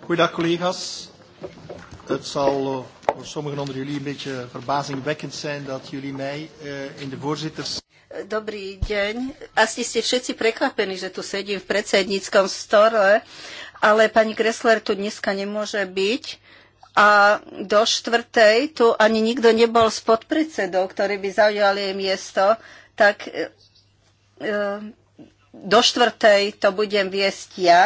Goedendag collega's. Het zal eh, voor sommigen onder jullie een beetje verbazingwekkend zijn dat jullie mij uh, in de voorzitters... Dobrý deň. Asi ste všetci prekvapení, že tu sedím v predsedníckom stole, ale pani Gressler tu dneska nemôže byť. A do štvrtej tu ani nikto nebol s podpredsedou, ktorý by zaujali jej miesto. Tak eh, do štvrtej to budem viesť ja,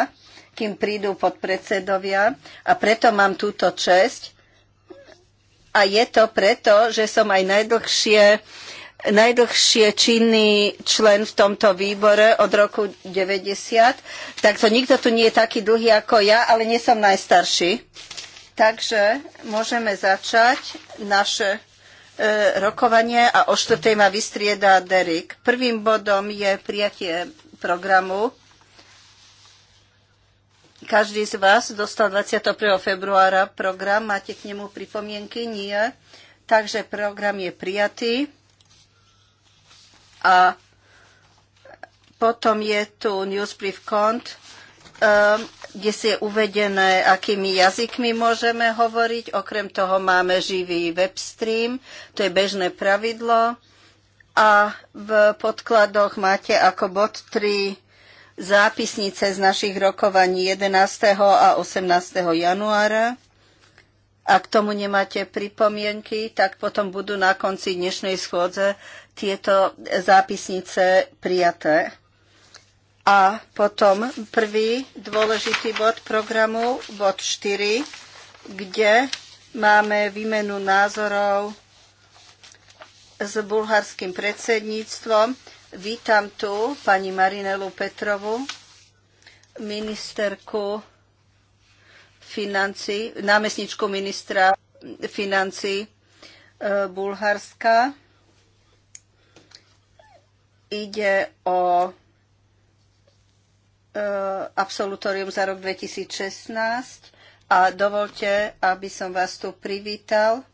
kým prídu podpredsedovia a preto mám túto česť. A je to preto, že som aj najdlhšie, najdlhšie činný člen v tomto výbore od roku 90. Takto nikto tu nie je taký dlhý ako ja, ale nie som najstarší. Takže môžeme začať naše e, rokovanie a o štvrtej ma vystrieda Derek. Prvým bodom je prijatie programu. Každý z vás dostal 21. februára program. Máte k nemu pripomienky? Nie. Takže program je prijatý. A potom je tu Newsbrief Cont, ehm, kde si je uvedené, akými jazykmi môžeme hovoriť. Okrem toho máme živý webstream, to je bežné pravidlo a v podkladoch máte ako bod 3 zápisnice z našich rokovaní 11. a 18. januára. Ak tomu nemáte pripomienky, tak potom budú na konci dnešnej schôdze tieto zápisnice prijaté. A potom prvý dôležitý bod programu, bod 4, kde máme výmenu názorov s bulharským predsedníctvom. Vítam tu pani Marinelu Petrovu, ministerku financí, námestničku ministra financí e, Bulharska. Ide o e, absolutorium za rok 2016 a dovolte, aby som vás tu privítal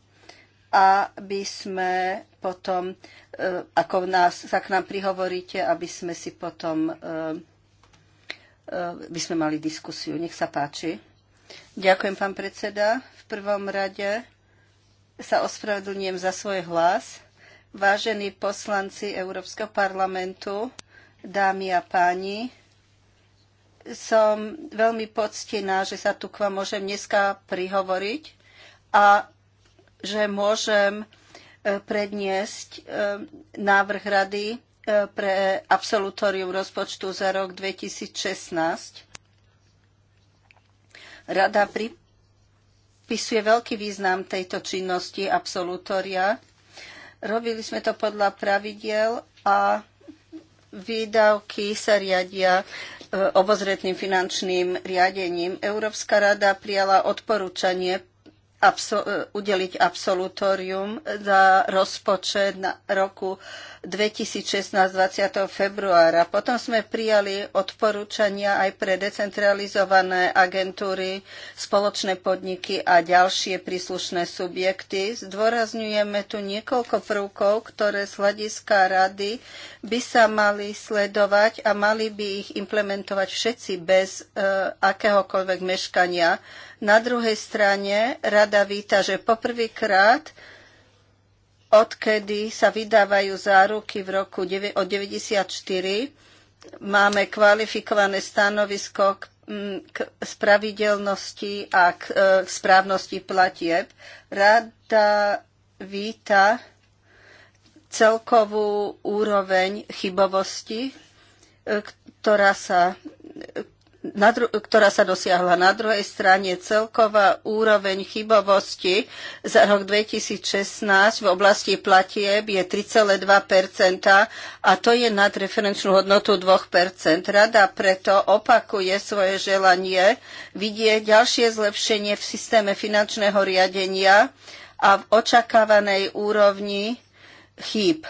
aby sme potom, e, ako nás, sa k nám prihovoríte, aby sme si potom, e, e, by sme mali diskusiu. Nech sa páči. Ďakujem, pán predseda. V prvom rade sa ospravedlňujem za svoj hlas. Vážení poslanci Európskeho parlamentu, dámy a páni, som veľmi poctená, že sa tu k vám môžem dneska prihovoriť a že môžem e, predniesť e, návrh rady e, pre absolutórium rozpočtu za rok 2016. Rada pripisuje veľký význam tejto činnosti absolutória. Robili sme to podľa pravidiel a výdavky sa riadia obozretným finančným riadením. Európska rada prijala odporúčanie absol- e, udeliť absolutórium za rozpočet na roku 2016 20. februára. Potom sme prijali odporúčania aj pre decentralizované agentúry, spoločné podniky a ďalšie príslušné subjekty. Zdôrazňujeme tu niekoľko prvkov, ktoré z hľadiska rady by sa mali sledovať a mali by ich implementovať všetci bez e, akéhokoľvek meškania. Na druhej strane rada víta, že poprvýkrát odkedy sa vydávajú záruky v roku od 1994. Máme kvalifikované stanovisko k, mm, k spravidelnosti a k, e, k správnosti platieb. Rada víta celkovú úroveň chybovosti, e, ktorá sa ktorá sa dosiahla. Na druhej strane celková úroveň chybovosti za rok 2016 v oblasti platieb je 3,2 a to je nad referenčnú hodnotu 2 Rada preto opakuje svoje želanie vidieť ďalšie zlepšenie v systéme finančného riadenia a v očakávanej úrovni chýb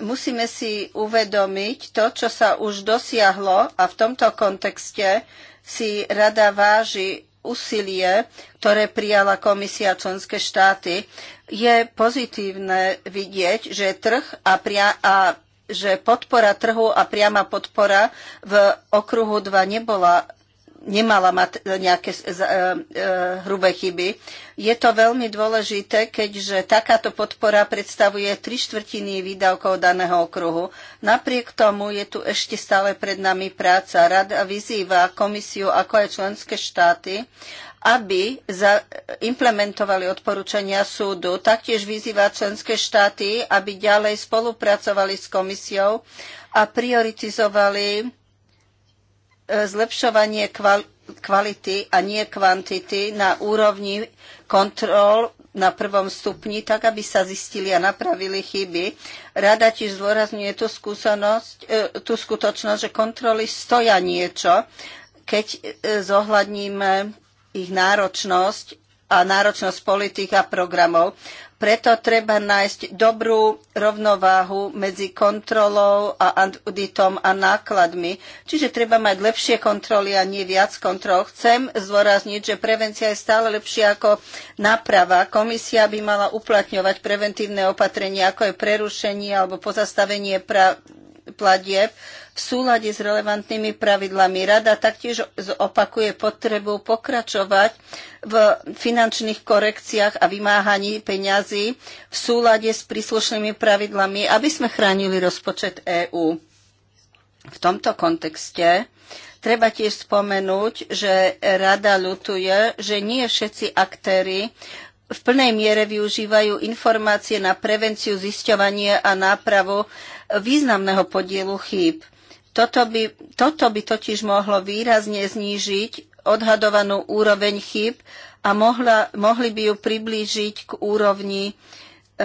musíme si uvedomiť to, čo sa už dosiahlo a v tomto kontexte si rada váži úsilie, ktoré prijala komisia členské štáty. Je pozitívne vidieť, že trh a, pria- a že podpora trhu a priama podpora v okruhu 2 nebola nemala mať e, nejaké e, e, hrubé chyby. Je to veľmi dôležité, keďže takáto podpora predstavuje tri štvrtiny výdavkov daného okruhu. Napriek tomu je tu ešte stále pred nami práca. Rada vyzýva komisiu, ako aj členské štáty, aby implementovali odporúčania súdu. Taktiež vyzýva členské štáty, aby ďalej spolupracovali s komisiou a prioritizovali zlepšovanie kvality a nie kvantity na úrovni kontrol na prvom stupni, tak aby sa zistili a napravili chyby. Rada tiež zdôrazňuje tú, skúsenosť, e, tú skutočnosť, že kontroly stoja niečo, keď e, zohľadníme ich náročnosť a náročnosť politik a programov. Preto treba nájsť dobrú rovnováhu medzi kontrolou a auditom a nákladmi. Čiže treba mať lepšie kontroly a nie viac kontrol. Chcem zdôrazniť, že prevencia je stále lepšia ako náprava. Komisia by mala uplatňovať preventívne opatrenia, ako je prerušenie alebo pozastavenie platieb v súlade s relevantnými pravidlami. Rada taktiež opakuje potrebu pokračovať v finančných korekciách a vymáhaní peňazí v súlade s príslušnými pravidlami, aby sme chránili rozpočet EÚ. V tomto kontexte Treba tiež spomenúť, že rada ľutuje, že nie všetci aktéry v plnej miere využívajú informácie na prevenciu, zisťovanie a nápravu významného podielu chýb. Toto by, toto by totiž mohlo výrazne znížiť odhadovanú úroveň chyb a mohla, mohli by ju priblížiť k úrovni, e, e,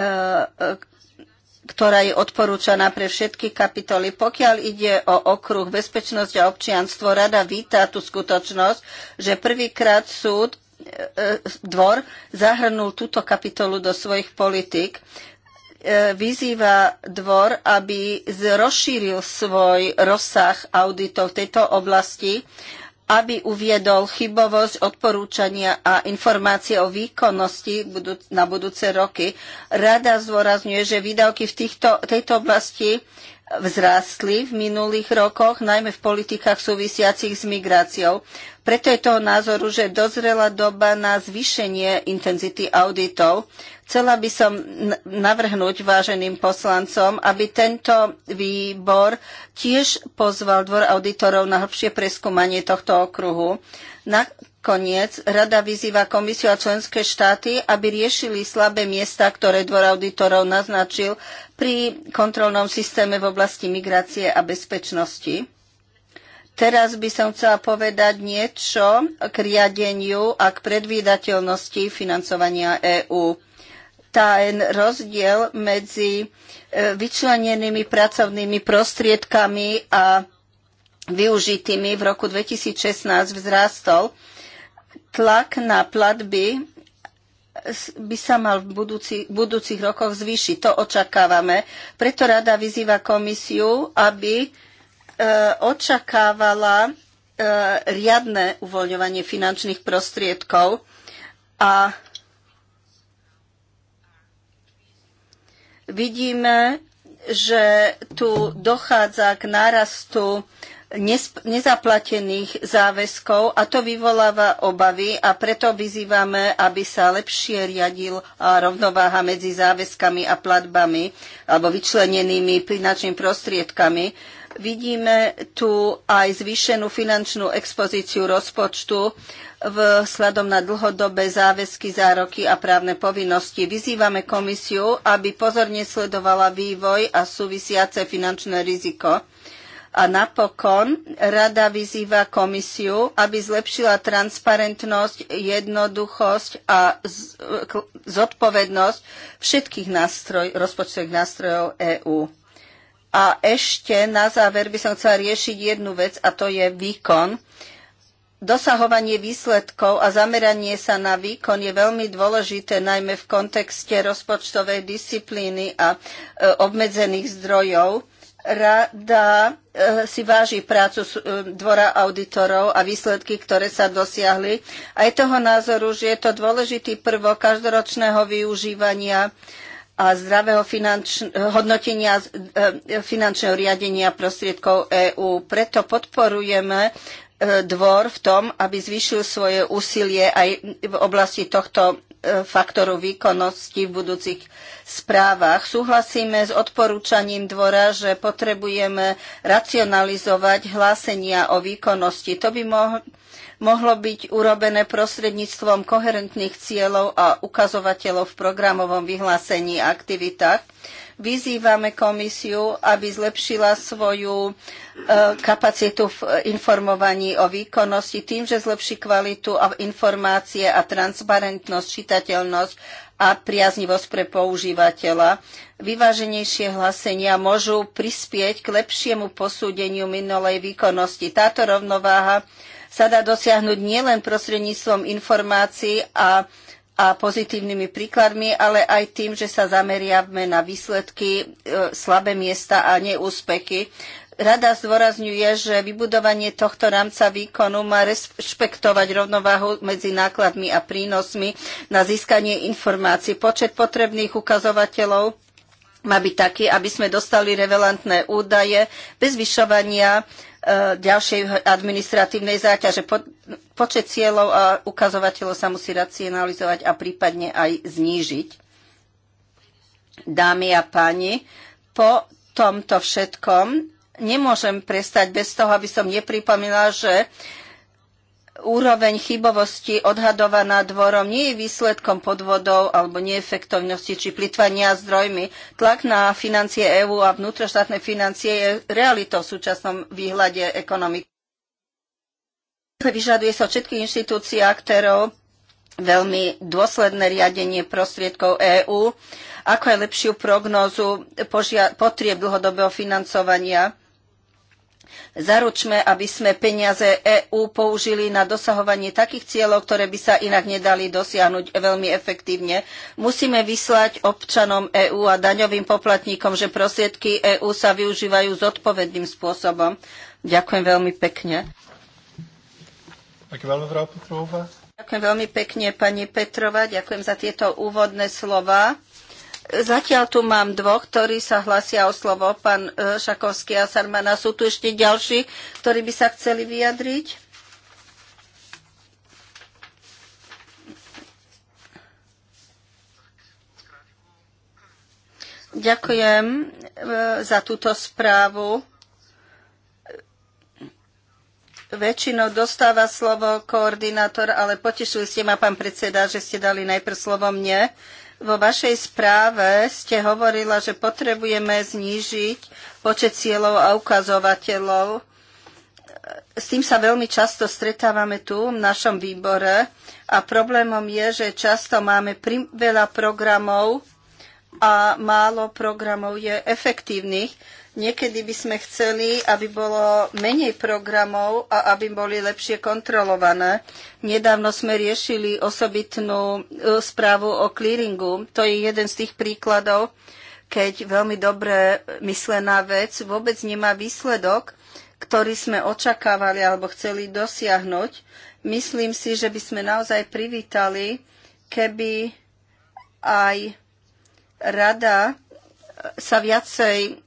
ktorá je odporúčaná pre všetky kapitoly. Pokiaľ ide o okruh bezpečnosť a občianstvo, rada víta tú skutočnosť, že prvýkrát súd e, e, dvor zahrnul túto kapitolu do svojich politik. E, vyzýva dvor, aby rozšíril svoj rozsah auditov v tejto oblasti, aby uviedol chybovosť odporúčania a informácie o výkonnosti na budúce roky. Rada zdôrazňuje, že výdavky v týchto, tejto oblasti vzrástli v minulých rokoch, najmä v politikách súvisiacich s migráciou. Preto je toho názoru, že dozrela doba na zvýšenie intenzity auditov. Chcela by som navrhnúť váženým poslancom, aby tento výbor tiež pozval dvor auditorov na hĺbšie preskúmanie tohto okruhu. Nakoniec rada vyzýva komisiu a členské štáty, aby riešili slabé miesta, ktoré dvor auditorov naznačil pri kontrolnom systéme v oblasti migrácie a bezpečnosti. Teraz by som chcela povedať niečo k riadeniu a k predvídateľnosti financovania EÚ. Ten rozdiel medzi e, vyčlenenými pracovnými prostriedkami a využitými v roku 2016 vzrástol. Tlak na platby by sa mal v budúci, budúcich rokoch zvýšiť. To očakávame. Preto rada vyzýva komisiu, aby e, očakávala e, riadne uvoľňovanie finančných prostriedkov a vidíme, že tu dochádza k nárastu e, nezaplatených záväzkov a to vyvoláva obavy a preto vyzývame, aby sa lepšie riadil rovnováha medzi záväzkami a platbami alebo vyčlenenými finančnými prostriedkami. Vidíme tu aj zvýšenú finančnú expozíciu rozpočtu v sladom na dlhodobé záväzky, zároky a právne povinnosti. Vyzývame komisiu, aby pozorne sledovala vývoj a súvisiace finančné riziko a napokon rada vyzýva komisiu, aby zlepšila transparentnosť, jednoduchosť a zodpovednosť všetkých nástroj, rozpočtových nástrojov EÚ. A ešte na záver by som chcela riešiť jednu vec a to je výkon. Dosahovanie výsledkov a zameranie sa na výkon je veľmi dôležité, najmä v kontexte rozpočtovej disciplíny a e, obmedzených zdrojov Rada eh, si váži prácu eh, dvora auditorov a výsledky, ktoré sa dosiahli. Aj toho názoru, že je to dôležitý prvok každoročného využívania a zdravého finanč... hodnotenia eh, finančného riadenia prostriedkov EÚ. Preto podporujeme dvor v tom, aby zvýšil svoje úsilie aj v oblasti tohto faktoru výkonnosti v budúcich správach. Súhlasíme s odporúčaním dvora, že potrebujeme racionalizovať hlásenia o výkonnosti. To by mohlo mohlo byť urobené prostredníctvom koherentných cieľov a ukazovateľov v programovom vyhlásení a aktivitách. Vyzývame komisiu, aby zlepšila svoju e, kapacitu v informovaní o výkonnosti tým, že zlepší kvalitu a informácie a transparentnosť, čitateľnosť a priaznivosť pre používateľa. Vyváženejšie hlásenia môžu prispieť k lepšiemu posúdeniu minulej výkonnosti. Táto rovnováha sa dá dosiahnuť nielen prostredníctvom informácií a a pozitívnymi príkladmi, ale aj tým, že sa zameriavame na výsledky, e, slabé miesta a neúspechy. Rada zdôrazňuje, že vybudovanie tohto rámca výkonu má rešpektovať rovnováhu medzi nákladmi a prínosmi na získanie informácií. Počet potrebných ukazovateľov má byť taký, aby sme dostali relevantné údaje bez zvyšovania Eh, ďalšej administratívnej záťaže. Počet cieľov a ukazovateľov sa musí racionalizovať a prípadne aj znížiť. Dámy a páni, po tomto všetkom nemôžem prestať bez toho, aby som nepripomínala, že úroveň chybovosti odhadovaná dvorom nie je výsledkom podvodov alebo neefektovnosti či plitvania zdrojmi. Tlak na financie EÚ a vnútroštátne financie je realitou v súčasnom výhľade ekonomiky. Vyžaduje sa od všetkých inštitúcií a aktérov veľmi dôsledné riadenie prostriedkov EÚ, ako aj lepšiu prognózu potrieb dlhodobého financovania Zaručme, aby sme peniaze EÚ použili na dosahovanie takých cieľov, ktoré by sa inak nedali dosiahnuť veľmi efektívne. Musíme vyslať občanom EÚ a daňovým poplatníkom, že prostriedky EÚ sa využívajú zodpovedným spôsobom. Ďakujem veľmi pekne. Ďakujem veľmi pekne, pani Petrova. Ďakujem za tieto úvodné slova. Zatiaľ tu mám dvoch, ktorí sa hlasia o slovo, pán e, Šakovský a Sarmana. Sú tu ešte ďalší, ktorí by sa chceli vyjadriť? Ďakujem e, za túto správu. Väčšinou dostáva slovo koordinátor, ale potešili ste ma, pán predseda, že ste dali najprv slovo mne. Vo vašej správe ste hovorila, že potrebujeme znížiť počet cieľov a ukazovateľov. S tým sa veľmi často stretávame tu v našom výbore a problémom je, že často máme veľa programov a málo programov je efektívnych. Niekedy by sme chceli, aby bolo menej programov a aby boli lepšie kontrolované. Nedávno sme riešili osobitnú e, správu o clearingu. To je jeden z tých príkladov, keď veľmi dobre myslená vec vôbec nemá výsledok, ktorý sme očakávali alebo chceli dosiahnuť. Myslím si, že by sme naozaj privítali, keby aj rada sa viacej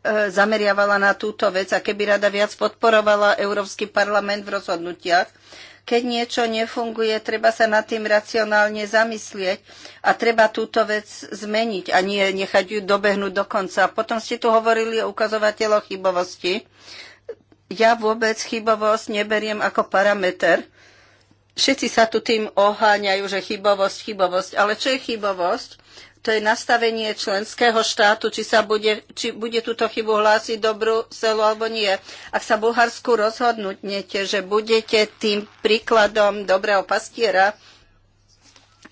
E, zameriavala na túto vec a keby rada viac podporovala Európsky parlament v rozhodnutiach. Keď niečo nefunguje, treba sa nad tým racionálne zamyslieť a treba túto vec zmeniť a nie nechať ju dobehnúť do konca. Potom ste tu hovorili o ukazovateľoch chybovosti. Ja vôbec chybovosť neberiem ako parameter. Všetci sa tu tým oháňajú, že chybovosť, chybovosť. Ale čo je chybovosť? to je nastavenie členského štátu, či, sa bude, či bude túto chybu hlásiť do Bruselu alebo nie. Ak sa Bulharsku rozhodnutnete, že budete tým príkladom dobrého pastiera,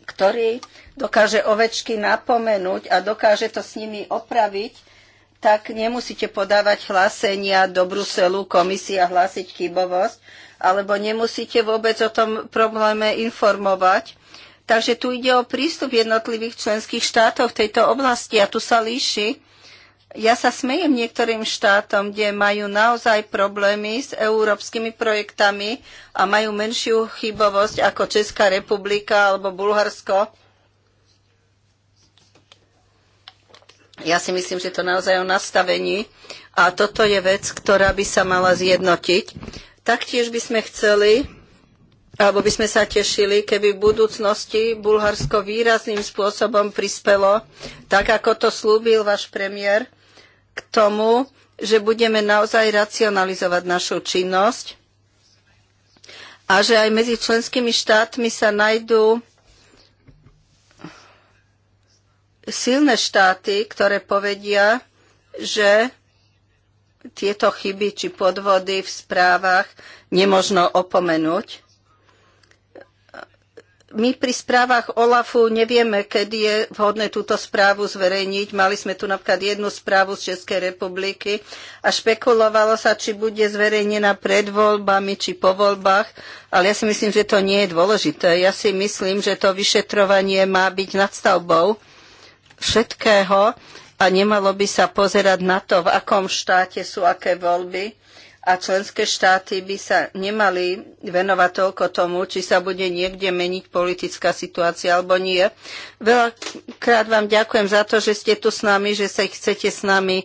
ktorý dokáže ovečky napomenúť a dokáže to s nimi opraviť, tak nemusíte podávať hlásenia do Bruselu, komisia hlásiť chybovosť, alebo nemusíte vôbec o tom probléme informovať Takže tu ide o prístup jednotlivých členských štátov v tejto oblasti a tu sa líši. Ja sa smejem niektorým štátom, kde majú naozaj problémy s európskymi projektami a majú menšiu chybovosť ako Česká republika alebo Bulharsko. Ja si myslím, že to naozaj o nastavení a toto je vec, ktorá by sa mala zjednotiť. Taktiež by sme chceli, alebo by sme sa tešili, keby v budúcnosti Bulharsko výrazným spôsobom prispelo, tak ako to slúbil váš premiér, k tomu, že budeme naozaj racionalizovať našu činnosť a že aj medzi členskými štátmi sa najdú silné štáty, ktoré povedia, že tieto chyby či podvody v správach nemožno opomenúť my pri správach OLAFu nevieme, kedy je vhodné túto správu zverejniť. Mali sme tu napríklad jednu správu z Českej republiky a špekulovalo sa, či bude zverejnená pred voľbami či po voľbách, ale ja si myslím, že to nie je dôležité. Ja si myslím, že to vyšetrovanie má byť nadstavbou všetkého a nemalo by sa pozerať na to, v akom štáte sú aké voľby a členské štáty by sa nemali venovať toľko tomu, či sa bude niekde meniť politická situácia alebo nie. Veľakrát vám ďakujem za to, že ste tu s nami, že sa chcete s nami e,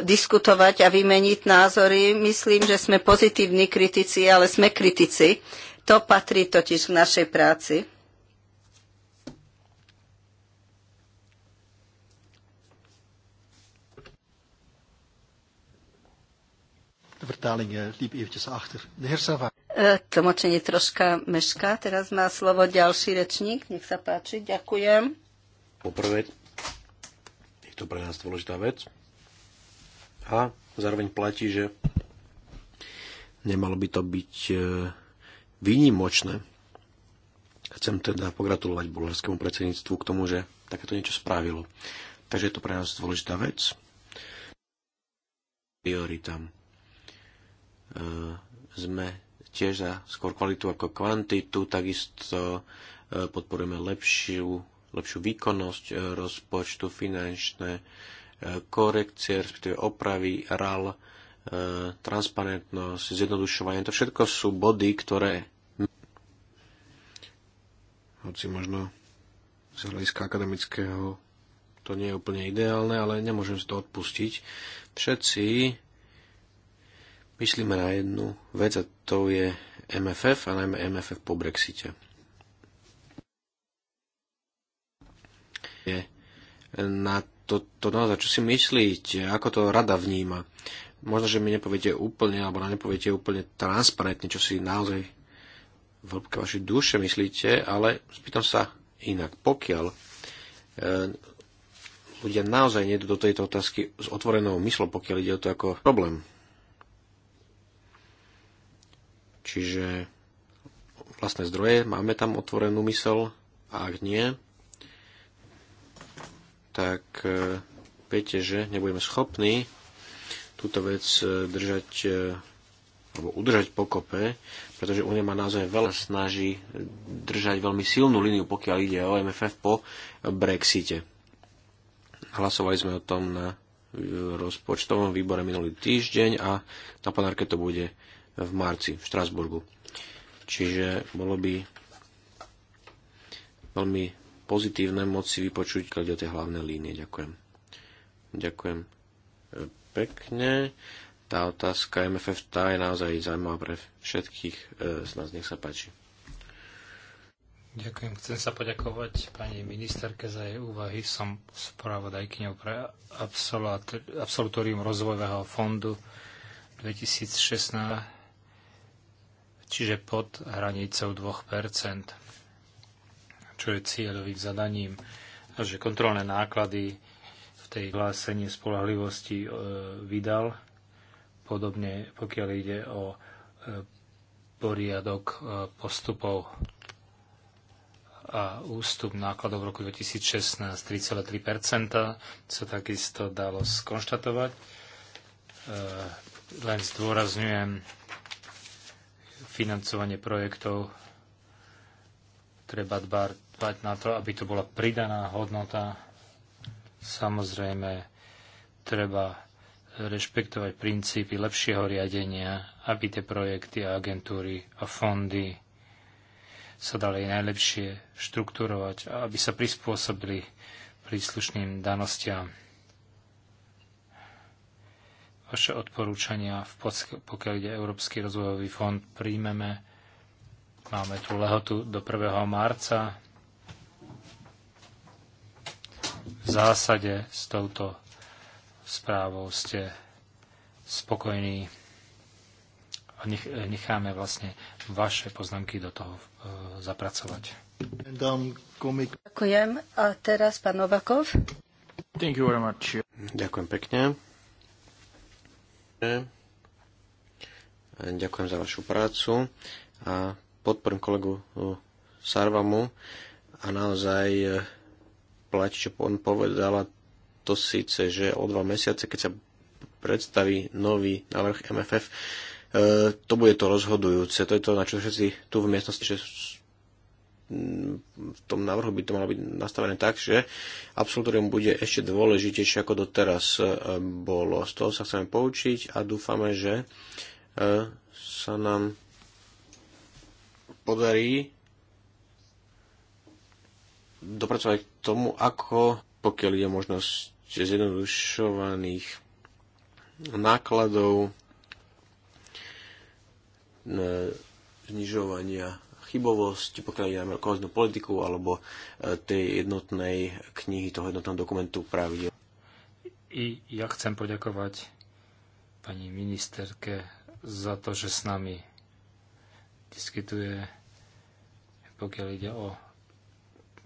diskutovať a vymeniť názory. Myslím, že sme pozitívni kritici, ale sme kritici. To patrí totiž k našej práci. vertalingen eh, liep eventjes achter. De heer Savary. Eh, tlmočenie troška meška. Teraz má slovo ďalší rečník. Nech sa páči. Ďakujem. Poprvé, je to pre nás dôležitá vec. A zároveň platí, že nemalo by to byť eh, výnimočné. Chcem teda pogratulovať bulharskému predsedníctvu k tomu, že takéto niečo spravilo. Takže je to pre nás dôležitá vec. Prioritám. E, sme tiež za skôr kvalitu ako kvantitu, takisto e, podporujeme lepšiu, lepšiu výkonnosť e, rozpočtu, finančné korekcie, respektíve opravy, RAL, transparentnosť, zjednodušovanie. To všetko sú body, ktoré hoci možno z hľadiska akademického to nie je úplne ideálne, ale nemôžem si to odpustiť. Všetci Myslíme na jednu vec a to je MFF a najmä MFF po Brexite. Je na to, to naozaj, čo si myslíte, ako to rada vníma. Možno, že mi nepoviete úplne, alebo nám nepoviete úplne transparentne, čo si naozaj v hĺbke vašej duše myslíte, ale spýtam sa inak. Pokiaľ e, ľudia naozaj nejdu do tejto otázky s otvorenou myslou, pokiaľ ide o to ako problém, Čiže vlastné zdroje, máme tam otvorenú mysel a ak nie, tak e, viete, že nebudeme schopní túto vec e, držať e, alebo udržať pokope, pretože u má naozaj veľa snaží držať veľmi silnú líniu, pokiaľ ide o MFF po Brexite. Hlasovali sme o tom na rozpočtovom výbore minulý týždeň a na panárke to bude v marci v Štrasburgu. Čiže bolo by veľmi pozitívne moci vypočuť vypočuť o tie hlavné línie. Ďakujem. Ďakujem e, pekne. Tá otázka MFF tá je naozaj zaujímavá pre všetkých e, z nás. Nech sa páči. Ďakujem. Chcem sa poďakovať pani ministerke za jej úvahy. Som spravodajkyňou pre absolutorium rozvojového fondu 2016 čiže pod hranicou 2%, čo je cieľovým zadaním, a že kontrolné náklady v tej hlásení spolahlivosti e, vydal. Podobne, pokiaľ ide o e, poriadok e, postupov a ústup nákladov v roku 2016 3,3% sa takisto dalo skonštatovať. Len zdôrazňujem financovanie projektov. Treba dbať na to, aby to bola pridaná hodnota. Samozrejme, treba rešpektovať princípy lepšieho riadenia, aby tie projekty a agentúry a fondy sa dali najlepšie štrukturovať a aby sa prispôsobili príslušným danostiam vaše odporúčania, v pokiaľ ide Európsky rozvojový fond, príjmeme. Máme tu lehotu do 1. marca. V zásade s touto správou ste spokojní a nech, necháme vlastne vaše poznámky do toho e, zapracovať. Ďakujem. A teraz pán Novakov. Ďakujem pekne. Ďakujem za vašu prácu a podporím kolegu e, Sarvamu a naozaj e, platí, čo on povedala to síce, že o dva mesiace, keď sa predstaví nový návrh MFF, e, to bude to rozhodujúce. To je to, na čo všetci tu v miestnosti že v tom návrhu by to malo byť nastavené tak, že absolutorium bude ešte dôležitejšie ako doteraz e, bolo. Z toho sa chceme poučiť a dúfame, že e, sa nám podarí dopracovať k tomu, ako pokiaľ je možnosť zjednodušovaných nákladov e, znižovania chybovosť, pokiaľ ide o politiku alebo e, tej jednotnej knihy, toho jednotného dokumentu pravidel. I ja chcem poďakovať pani ministerke za to, že s nami diskutuje, pokiaľ ide o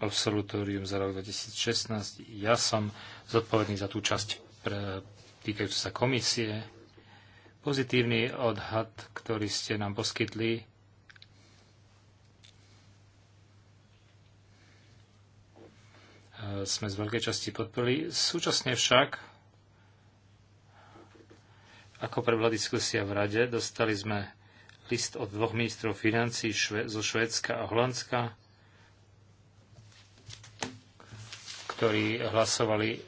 absolutórium za rok 2016. Ja som zodpovedný za tú časť pre, týkajúcu sa komisie. Pozitívny odhad, ktorý ste nám poskytli, sme z veľkej časti podporili. Súčasne však, ako prebola diskusia v rade, dostali sme list od dvoch ministrov financí zo Švédska a Holandska, ktorí hlasovali e,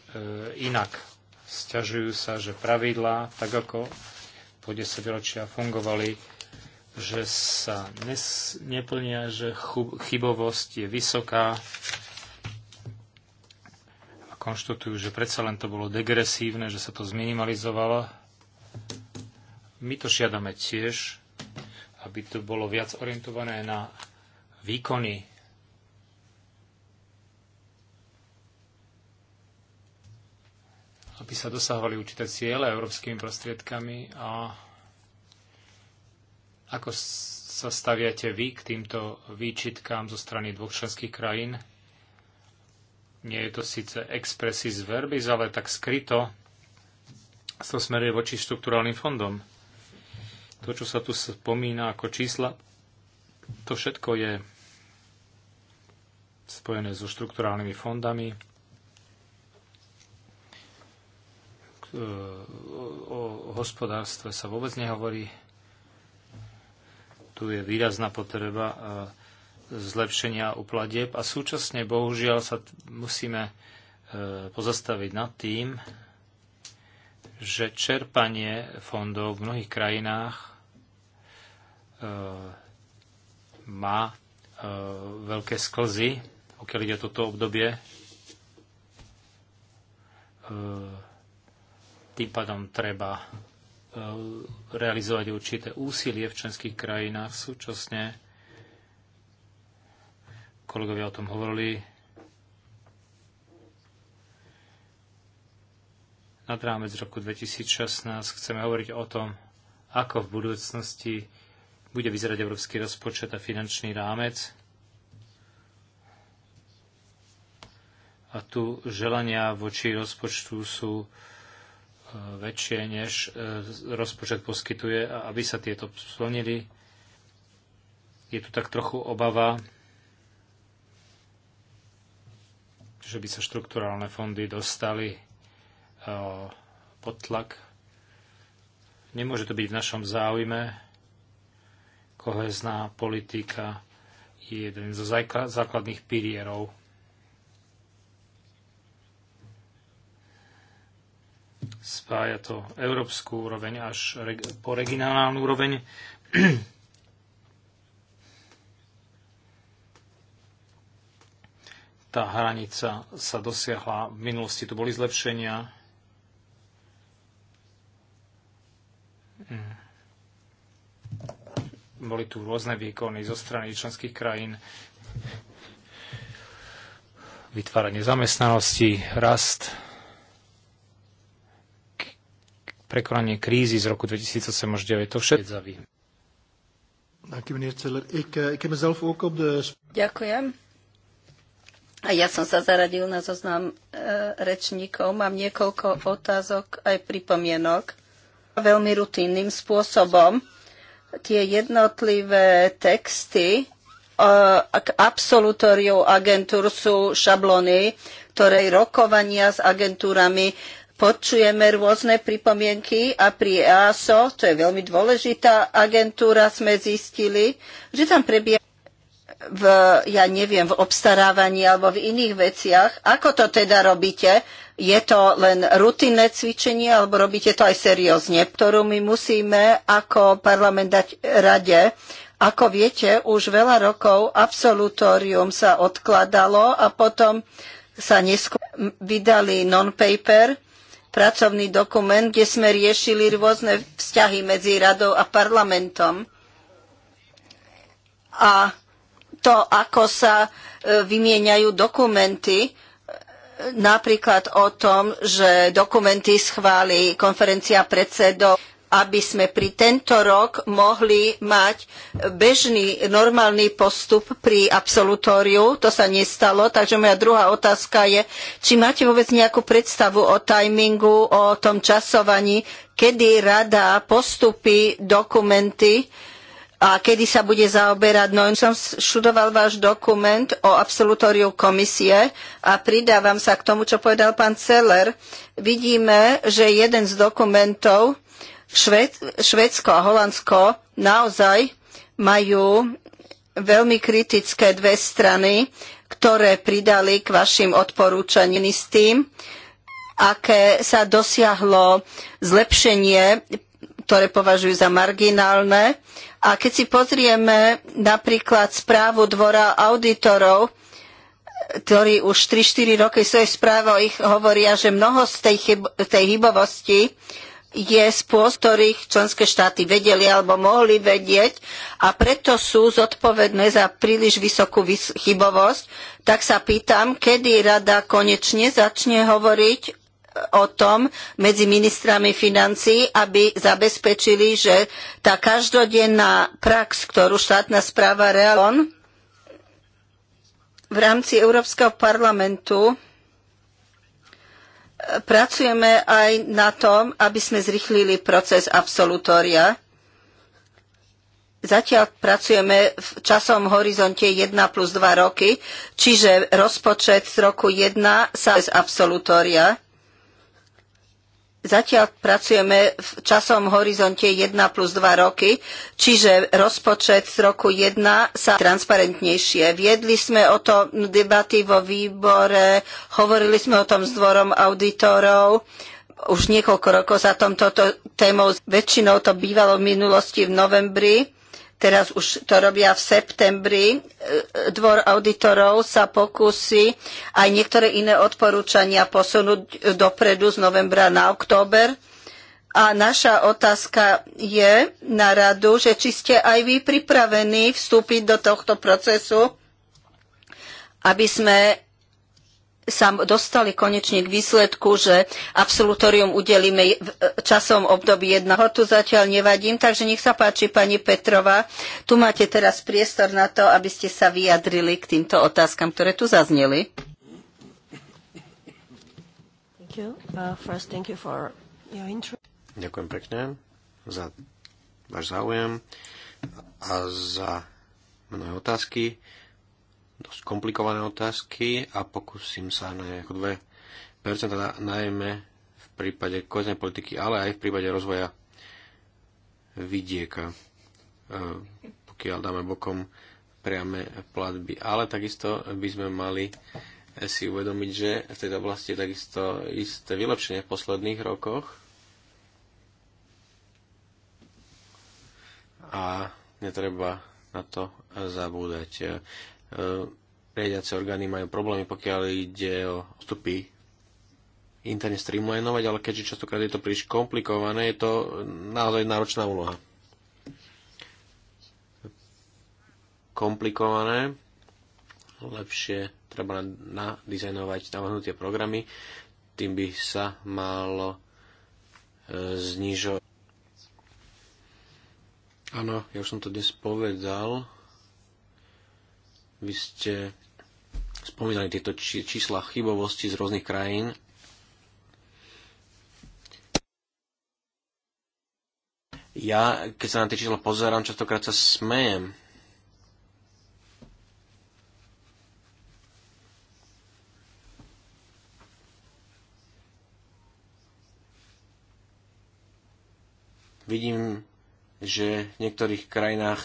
inak. Sťažujú sa, že pravidlá, tak ako po 10 ročia fungovali, že sa nes, neplnia, že chybovosť je vysoká, konštatujú, že predsa len to bolo degresívne, že sa to zminimalizovalo. My to žiadame tiež, aby to bolo viac orientované na výkony. Aby sa dosahovali určité ciele európskymi prostriedkami a ako sa staviate vy k týmto výčitkám zo strany dvoch členských krajín? Nie je to síce expressis verbis, ale tak skryto sa smeruje voči štruktúrálnym fondom. To, čo sa tu spomína ako čísla, to všetko je spojené so štrukturálnymi fondami, o hospodárstve sa vôbec nehovorí. Tu je výrazná potreba zlepšenia uplatieb a súčasne bohužiaľ sa musíme e, pozastaviť nad tým, že čerpanie fondov v mnohých krajinách e, má e, veľké sklzy, pokiaľ ide toto obdobie. Tým pádom treba realizovať určité úsilie v členských krajinách súčasne kolegovia o tom hovorili. Nad rámec roku 2016 chceme hovoriť o tom, ako v budúcnosti bude vyzerať európsky rozpočet a finančný rámec. A tu želania voči rozpočtu sú e, väčšie, než e, rozpočet poskytuje. A aby sa tieto splnili, je tu tak trochu obava, že by sa štrukturálne fondy dostali e, pod tlak. Nemôže to byť v našom záujme. Kohezná politika je jeden zo základných pilierov spája to európsku úroveň až po regionálnu úroveň tá hranica sa dosiahla. V minulosti tu boli zlepšenia. Hm. Boli tu rôzne výkony zo strany členských krajín. Vytváranie zamestnanosti, rast, prekonanie krízy z roku 2008 až 2009. To všetko zaví. Eh, Ďakujem. A Ja som sa zaradil na zoznam e, rečníkov. Mám niekoľko otázok aj pripomienok. Veľmi rutinným spôsobom tie jednotlivé texty e, k absolutóriu agentúr sú šablony, ktoré rokovania s agentúrami počujeme rôzne pripomienky a pri EASO, to je veľmi dôležitá agentúra, sme zistili, že tam prebieha v, ja neviem, v obstarávaní alebo v iných veciach. Ako to teda robíte? Je to len rutinné cvičenie alebo robíte to aj seriózne, ktorú my musíme ako parlament dať rade? Ako viete, už veľa rokov absolutórium sa odkladalo a potom sa neskôr vydali non-paper, pracovný dokument, kde sme riešili rôzne vzťahy medzi radou a parlamentom. A to, ako sa e, vymieňajú dokumenty, e, napríklad o tom, že dokumenty schváli konferencia predsedov, aby sme pri tento rok mohli mať bežný, normálny postup pri absolutóriu. To sa nestalo, takže moja druhá otázka je, či máte vôbec nejakú predstavu o timingu, o tom časovaní, kedy rada postupí dokumenty, a kedy sa bude zaoberať. No, som študoval váš dokument o absolutóriu komisie a pridávam sa k tomu, čo povedal pán Celer. Vidíme, že jeden z dokumentov Šved, Švédsko a Holandsko naozaj majú veľmi kritické dve strany, ktoré pridali k vašim odporúčaním s tým, aké sa dosiahlo zlepšenie ktoré považujú za marginálne. A keď si pozrieme napríklad správu Dvora auditorov, ktorí už 3-4 roky svoje správo ich hovoria, že mnoho z tej, chyb- tej chybovosti je spôsob, ktorých členské štáty vedeli alebo mohli vedieť a preto sú zodpovedné za príliš vysokú chybovosť, tak sa pýtam, kedy rada konečne začne hovoriť o tom medzi ministrami financí, aby zabezpečili, že tá každodenná prax, ktorú štátna správa realizuje v rámci Európskeho parlamentu e, pracujeme aj na tom, aby sme zrychlili proces absolutória. Zatiaľ pracujeme v časom horizonte 1 plus 2 roky, čiže rozpočet z roku 1 sa z absolutória. Zatiaľ pracujeme v časom horizonte 1 plus 2 roky, čiže rozpočet z roku 1 sa transparentnejšie. Viedli sme o tom debaty vo výbore, hovorili sme o tom s dvorom auditorov, už niekoľko rokov za tomto témou. Väčšinou to bývalo v minulosti v novembri teraz už to robia v septembri. E, dvor auditorov sa pokusí aj niektoré iné odporúčania posunúť dopredu z novembra na október. A naša otázka je na radu, že či ste aj vy pripravení vstúpiť do tohto procesu, aby sme sa dostali konečne k výsledku, že absolutorium udelíme e, časom období jedného. Tu zatiaľ nevadím, takže nech sa páči pani Petrova. Tu máte teraz priestor na to, aby ste sa vyjadrili k týmto otázkam, ktoré tu zazneli. Uh, first, Ďakujem pekne za váš záujem a za mnohé otázky dosť komplikované otázky a pokúsim sa na nejaké percenta, najmä v prípade kohezné politiky, ale aj v prípade rozvoja vidieka, e, pokiaľ dáme bokom priame platby. Ale takisto by sme mali si uvedomiť, že v tejto oblasti je takisto isté vylepšenie v posledných rokoch. A netreba na to zabúdať. E, riadiace orgány majú problémy, pokiaľ ide o vstupy interne streamlinovať, ale keďže častokrát je to príliš komplikované, je to naozaj náročná úloha. Komplikované, lepšie treba nadizajnovať navrhnutie programy, tým by sa malo e, znižovať. Áno, ja už som to dnes povedal, vy ste spomínali tieto či- čísla chybovosti z rôznych krajín. Ja, keď sa na tie čísla pozerám, častokrát sa smejem. Vidím, že v niektorých krajinách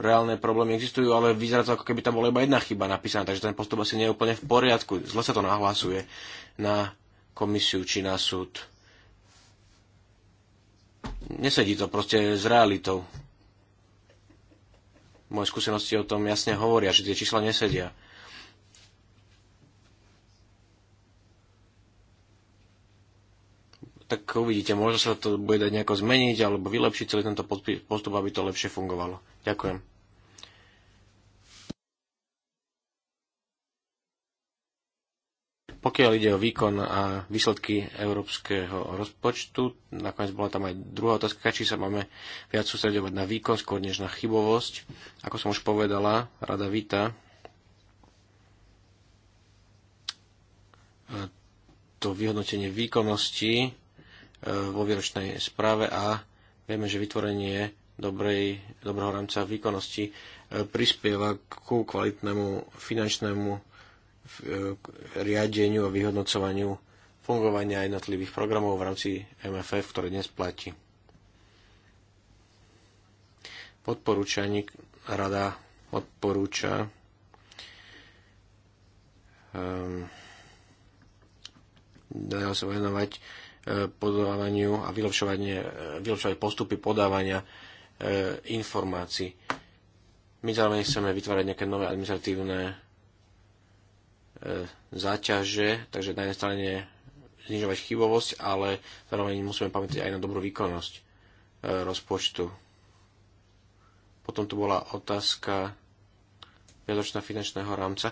reálne problémy existujú, ale vyzerá to ako keby tam bola iba jedna chyba napísaná, takže ten postup asi nie je úplne v poriadku. Zle sa to nahlásuje na komisiu či na súd. Nesedí to proste s realitou. Moje skúsenosti o tom jasne hovoria, že tie čísla nesedia. tak uvidíte, možno sa to bude dať nejako zmeniť alebo vylepšiť celý tento postup, aby to lepšie fungovalo. Ďakujem. Pokiaľ ide o výkon a výsledky európskeho rozpočtu, nakoniec bola tam aj druhá otázka, či sa máme viac sústredovať na výkon skôr než na chybovosť. Ako som už povedala, rada víta eh, to vyhodnotenie výkonnosti vo výročnej správe a vieme, že vytvorenie dobrej, dobrého rámca výkonnosti e, prispieva ku kvalitnému finančnému e, riadeniu a vyhodnocovaniu fungovania jednotlivých programov v rámci MFF, ktoré dnes platí. Podporúčaní rada odporúča um, ehm, dajú sa venovať podávaniu a vylepšovať postupy podávania e, informácií. My zároveň chceme vytvárať nejaké nové administratívne e, záťaže, takže na jednej strane znižovať chybovosť, ale zároveň musíme pamätať aj na dobrú výkonnosť e, rozpočtu. Potom tu bola otázka viadočná finančného rámca.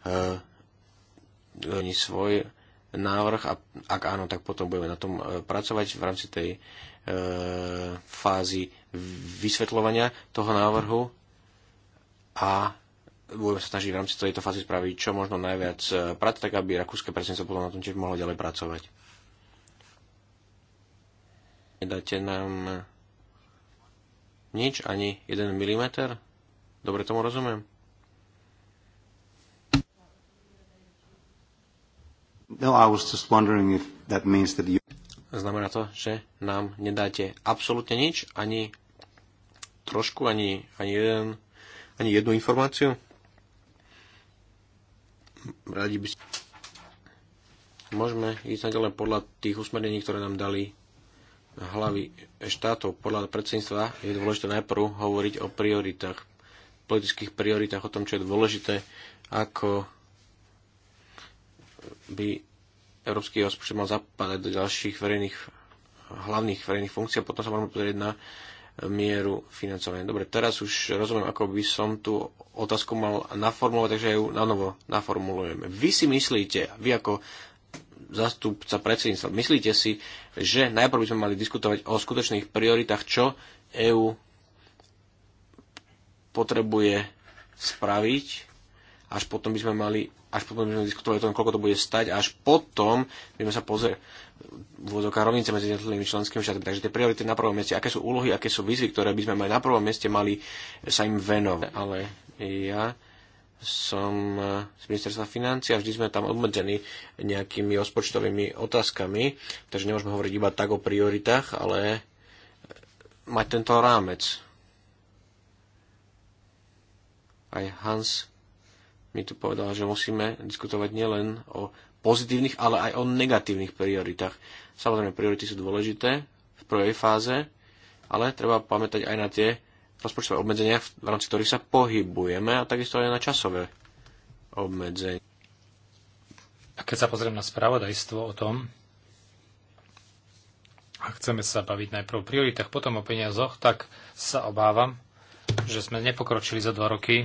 E, svoj návrh a ak áno, tak potom budeme na tom e, pracovať v rámci tej e, fázy vysvetľovania toho návrhu a budeme sa snažiť v rámci tejto fázy spraviť čo možno najviac e, prac, tak aby rakúske predsedníctvo potom na tom tiež mohlo ďalej pracovať. Nedáte nám nič, ani 1 mm? Dobre tomu rozumiem? No, I was just wondering if that means that you... Znamená to, že nám nedáte absolútne nič, ani trošku, ani, ani, jeden, ani jednu informáciu? Radi by ste... Môžeme ísť naďalej podľa tých usmernení, ktoré nám dali hlavy štátov. Podľa predsedníctva je dôležité najprv hovoriť o prioritách, politických prioritách, o tom, čo je dôležité, ako by európsky rozpočet mal zapadať do ďalších verejných, hlavných verejných funkcií a potom sa môžeme pozrieť na mieru financovania. Dobre, teraz už rozumiem, ako by som tú otázku mal naformulovať, takže ju na novo naformulujeme. Vy si myslíte, vy ako zastupca predsedníctva, myslíte si, že najprv by sme mali diskutovať o skutočných prioritách, čo EÚ potrebuje spraviť až potom by sme mali, až potom by sme diskutovali o tom, koľko to bude stať, až potom by sme sa pozreli vôzoká rovnice medzi jednotlivými členskými štátmi. Takže tie priority na prvom mieste, aké sú úlohy, aké sú výzvy, ktoré by sme mali na prvom mieste, mali sa im venovať. Ale ja som z ministerstva financií a vždy sme tam obmedzení nejakými rozpočtovými otázkami, takže nemôžeme hovoriť iba tak o prioritách, ale mať tento rámec. Aj Hans mi tu povedala, že musíme diskutovať nielen o pozitívnych, ale aj o negatívnych prioritách. Samozrejme, priority sú dôležité v prvej fáze, ale treba pamätať aj na tie rozpočtové obmedzenia, v rámci ktorých sa pohybujeme a takisto aj na časové obmedzenia. A keď sa pozriem na spravodajstvo o tom, a chceme sa baviť najprv o prioritách, potom o peniazoch, tak sa obávam, že sme nepokročili za dva roky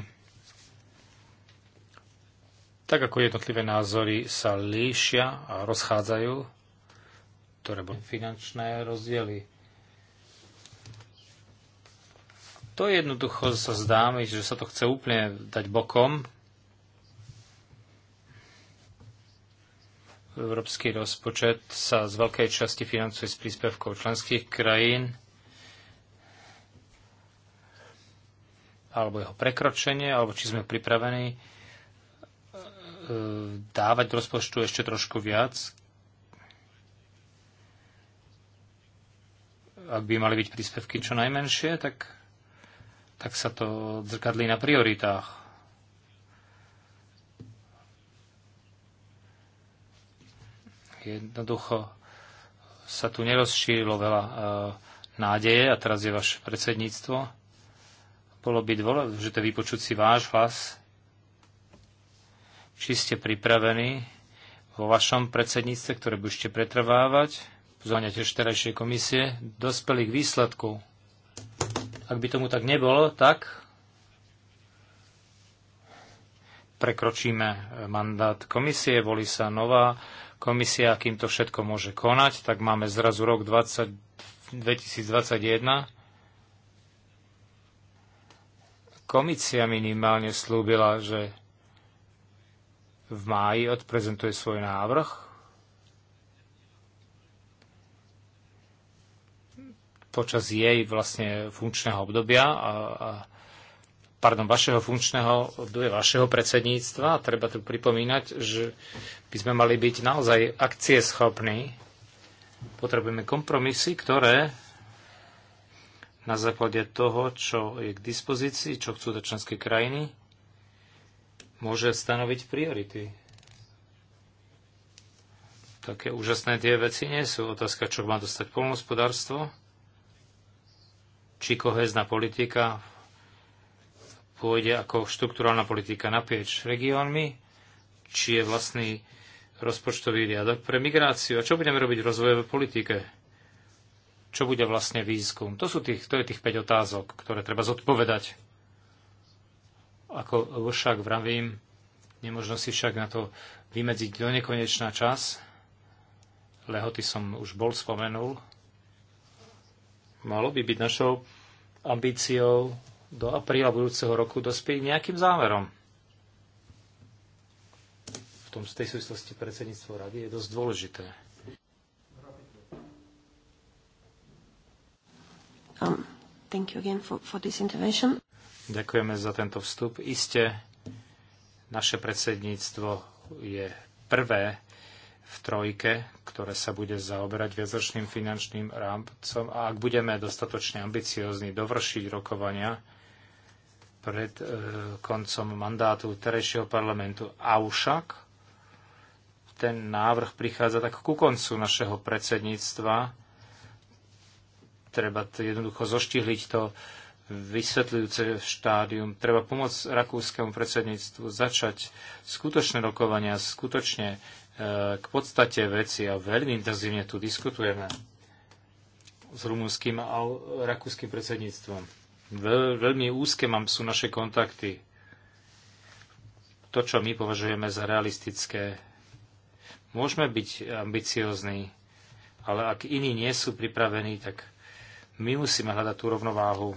tak ako jednotlivé názory sa líšia a rozchádzajú, ktoré boli finančné rozdiely. To jednoducho sa zdá mi, že sa to chce úplne dať bokom. Európsky rozpočet sa z veľkej časti financuje z príspevkov členských krajín alebo jeho prekročenie, alebo či sme pripravení E, dávať rozpočtu ešte trošku viac, ak by mali byť príspevky čo najmenšie, tak, tak sa to zrkadlí na prioritách. Jednoducho sa tu nerozšírilo veľa e, nádeje a teraz je vaše predsedníctvo. Bolo by dôležité vypočuť si váš hlas či ste pripravení vo vašom predsedníctve, ktoré budete pretrvávať, tiež terajšej komisie, dospeli k výsledku. Ak by tomu tak nebolo, tak prekročíme mandát komisie, volí sa nová komisia, kým to všetko môže konať, tak máme zrazu rok 20, 2021. Komisia minimálne slúbila, že v máji odprezentuje svoj návrh. Počas jej vlastne funkčného obdobia a, a pardon, vašeho funkčného obdobia, vašeho predsedníctva. Treba tu pripomínať, že by sme mali byť naozaj akcieschopní. Potrebujeme kompromisy, ktoré na základe toho, čo je k dispozícii, čo chcú do členské krajiny, môže stanoviť priority. Také úžasné tie veci nie sú. Otázka, čo má dostať polnospodárstvo, či kohezná politika pôjde ako štruktúrálna politika naprieč regiónmi, či je vlastný rozpočtový riadok pre migráciu. A čo budeme robiť v rozvojovej politike? Čo bude vlastne výskum? To, sú tých, to je tých 5 otázok, ktoré treba zodpovedať. Ako však vravím, nemožno si však na to vymedziť do nekonečná čas. Lehoty som už bol spomenul. Malo by byť našou ambíciou do apríla budúceho roku dospieť nejakým záverom. V tom z tej súvislosti predsedníctvo rady je dosť dôležité. Um, thank you again for, for this intervention. Ďakujeme za tento vstup. Isté, naše predsedníctvo je prvé v trojke, ktoré sa bude zaoberať viacročným finančným rámcom a ak budeme dostatočne ambiciozni, dovršiť rokovania pred e, koncom mandátu terejšieho parlamentu. A však ten návrh prichádza tak ku koncu našeho predsedníctva. Treba jednoducho zoštihliť to vysvetľujúce štádium. Treba pomôcť rakúskému predsedníctvu začať skutočné rokovania, skutočne e, k podstate veci a veľmi intenzívne tu diskutujeme s rumunským a rakúskym predsedníctvom. Veľ, veľmi úzke mám, sú naše kontakty. To, čo my považujeme za realistické. Môžeme byť ambiciozní, ale ak iní nie sú pripravení, tak my musíme hľadať tú rovnováhu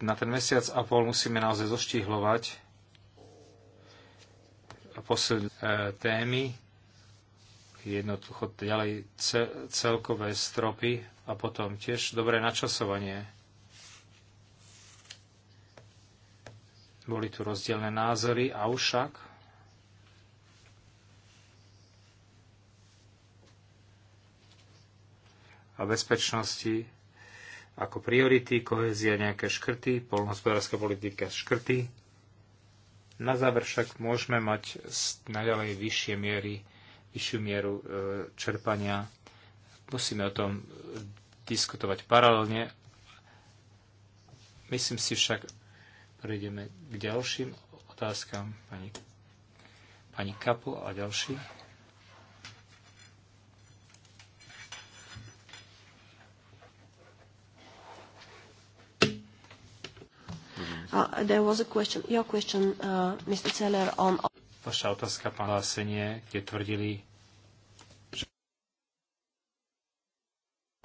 na ten mesiac a pol musíme naozaj zoštíhlovať a posilniť e, témy, jednoducho ďalej ce, celkové stropy a potom tiež dobré načasovanie. Boli tu rozdielne názory, avšak a bezpečnosti ako priority, kohezia nejaké škrty, polnohospodárska politika škrty. Na záver však môžeme mať naďalej vyššie miery, vyššiu mieru e, čerpania. Musíme o tom diskutovať paralelne. Myslím si však, prejdeme k ďalším otázkam pani, pani Kapl a ďalší. Uh, there was a question, your question, uh, Mr. on... Vaša otázka, pán Lásenie, kde tvrdili, že,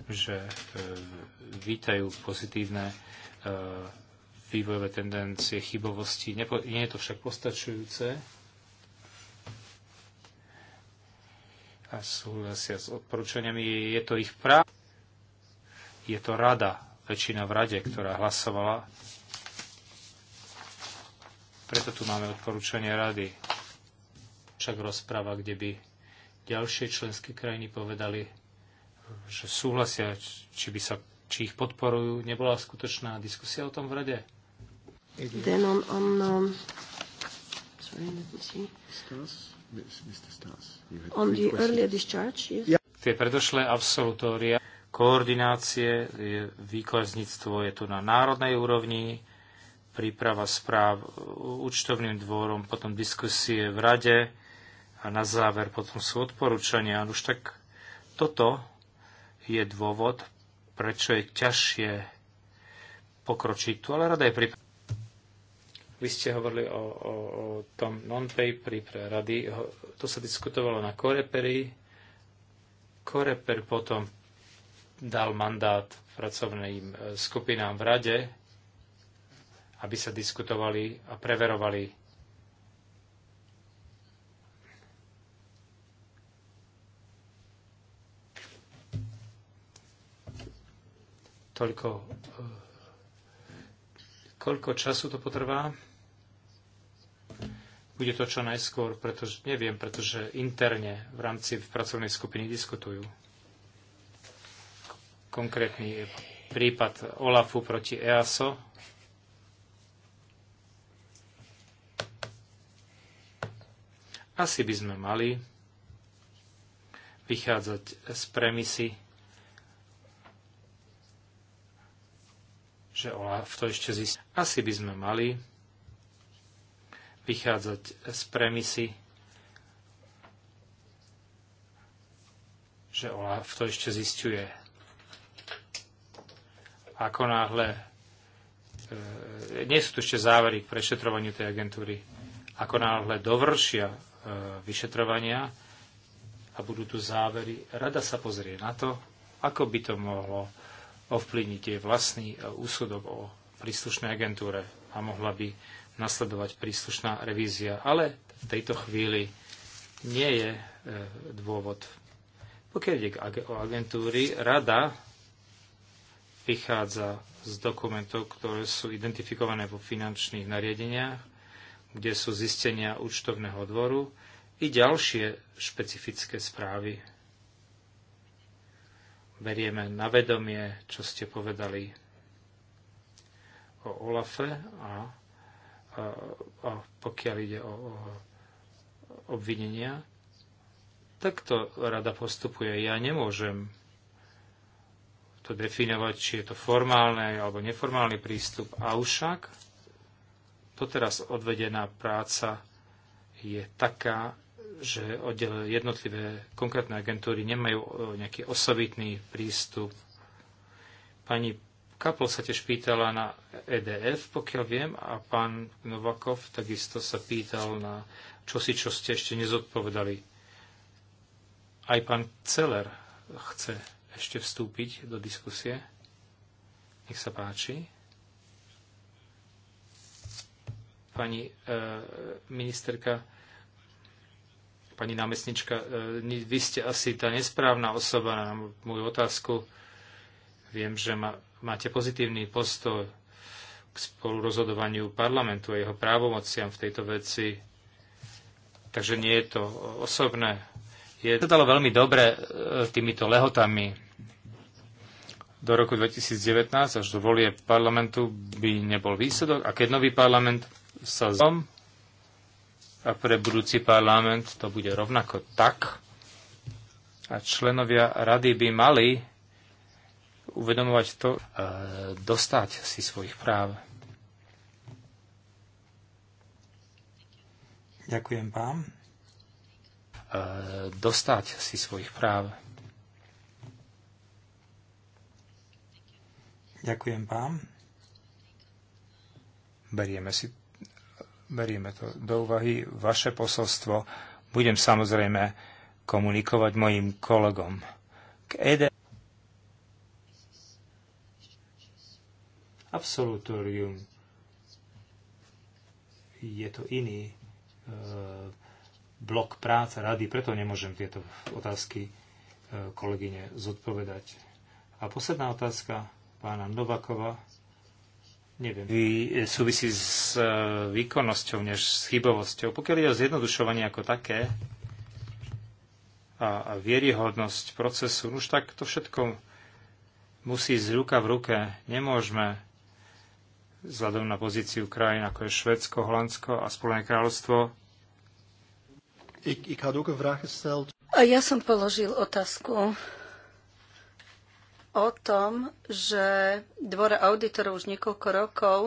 že uh, vítajú pozitívne uh, vývojové tendencie chybovosti. Nepo, nie je to však postačujúce. A súhlasia s odporúčaniami, je to ich práv. Je to rada, väčšina v rade, ktorá hlasovala preto tu máme odporúčanie rady. Však rozpráva, kde by ďalšie členské krajiny povedali, že súhlasia, či, by sa, či ich podporujú, nebola skutočná diskusia o tom v rade. Then on, on um, sorry, Mr. on the earlier discharge, yes. Yeah. Tie predošlé absolutória, koordinácie, výkazníctvo je tu na národnej úrovni, príprava správ účtovným dvorom, potom diskusie v rade a na záver potom sú odporúčania. Už tak toto je dôvod, prečo je ťažšie pokročiť tu, ale rada je pripravená. Vy ste hovorili o, o, o tom non-paperi pre rady. To sa diskutovalo na Koreperi. Koreper potom dal mandát pracovným e, skupinám v rade aby sa diskutovali a preverovali. Toľko. Eh, koľko času to potrvá? Bude to čo najskôr, pretože neviem, pretože interne v rámci pracovnej skupiny diskutujú. Konkrétny prípad OLAFu proti EASO Asi by sme mali vychádzať z premisy, že Olaf to ešte zistí. Asi by sme mali vychádzať z premisy, že Olaf to ešte zistuje. Ako náhle e, nie sú tu ešte závery k prešetrovaniu tej agentúry. Ako náhle dovršia E, vyšetrovania a budú tu závery. Rada sa pozrie na to, ako by to mohlo ovplyvniť jej vlastný e, úsudok o príslušnej agentúre a mohla by nasledovať príslušná revízia. Ale v tejto chvíli nie je e, dôvod. Pokiaľ ide o agentúry, rada vychádza z dokumentov, ktoré sú identifikované vo finančných nariadeniach kde sú zistenia účtovného dvoru i ďalšie špecifické správy. Berieme na vedomie, čo ste povedali o Olafe a, a, a pokiaľ ide o, o obvinenia, tak to rada postupuje. Ja nemôžem to definovať, či je to formálny alebo neformálny prístup. A však Doteraz odvedená práca je taká, že jednotlivé konkrétne agentúry nemajú e, nejaký osobitný prístup. Pani kapol sa tiež pýtala na EDF, pokiaľ viem, a pán Novakov takisto sa pýtal na čosi, čo ste ešte nezodpovedali. Aj pán Celer chce ešte vstúpiť do diskusie. Nech sa páči. pani e, ministerka, pani námestnička, e, vy ste asi tá nesprávna osoba na moju otázku. Viem, že máte pozitívny postoj k spolurozhodovaniu parlamentu a jeho právomociam v tejto veci. Takže nie je to osobné. Je to dalo veľmi dobre e, týmito lehotami. Do roku 2019 až do volie parlamentu by nebol výsledok a keď nový parlament sa zom a pre budúci parlament to bude rovnako tak. A členovia rady by mali uvedomovať to, e, dostať si svojich práv. Ďakujem vám. E, dostať si svojich práv. Ďakujem vám. Berieme si berieme to do úvahy, vaše posolstvo. Budem samozrejme komunikovať mojim kolegom. K ED... E absolutorium je to iný e, blok práce rady, preto nemôžem tieto otázky e, kolegyne zodpovedať. A posledná otázka pána Novakova neviem, e, súvisí s e, výkonnosťou než s chybovosťou. Pokiaľ je o zjednodušovanie ako také a, a vieryhodnosť procesu, no už tak to všetko musí z ruka v ruke. Nemôžeme vzhľadom na pozíciu krajín ako je Švedsko, Holandsko a Spojené kráľovstvo. Ja som položil otázku o tom, že Dvora auditorov už niekoľko rokov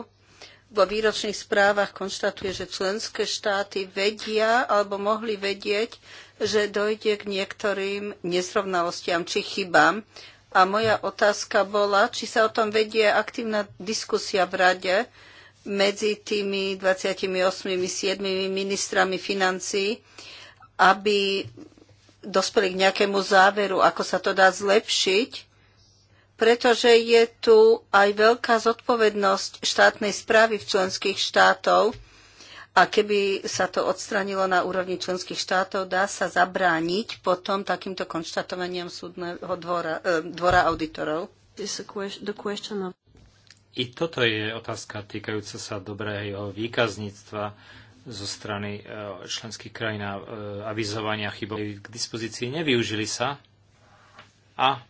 vo výročných správach konštatuje, že členské štáty vedia alebo mohli vedieť, že dojde k niektorým nezrovnalostiam či chybám. A moja otázka bola, či sa o tom vedie aktívna diskusia v Rade medzi tými 28, 7 ministrami financí, aby dospeli k nejakému záveru, ako sa to dá zlepšiť pretože je tu aj veľká zodpovednosť štátnej správy v členských štátov a keby sa to odstranilo na úrovni členských štátov, dá sa zabrániť potom takýmto konštatovaniam súdneho dvora, e, dvora auditorov. I toto je otázka týkajúca sa dobrého výkazníctva zo strany e, členských krajín a e, avizovania chybov k dispozícii nevyužili sa a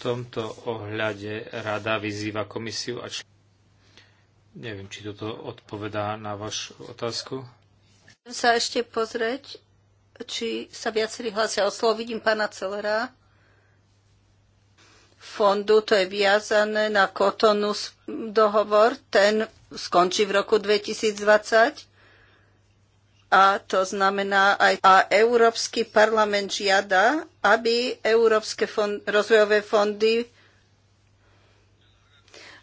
tomto ohľade rada vyzýva komisiu a čl- Neviem, či toto odpovedá na vašu otázku. Chcem sa ešte pozrieť, či sa viacerí hlasia o slovo. Vidím pána Celera fondu, to je viazané na Kotonu dohovor, ten skončí v roku 2020 a to znamená aj a Európsky parlament žiada, aby Európske fond, rozvojové fondy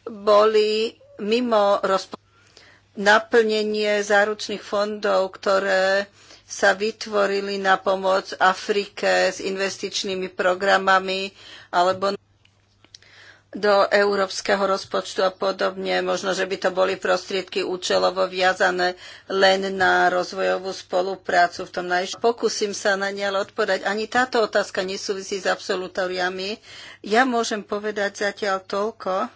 boli mimo rozpo- naplnenie záručných fondov, ktoré sa vytvorili na pomoc Afrike s investičnými programami alebo do európskeho rozpočtu a podobne. Možno, že by to boli prostriedky účelovo viazané len na rozvojovú spoluprácu v tom najš... Pokúsim sa na ne ale odpovedať. Ani táto otázka nesúvisí s absolutóriami. Ja môžem povedať zatiaľ toľko,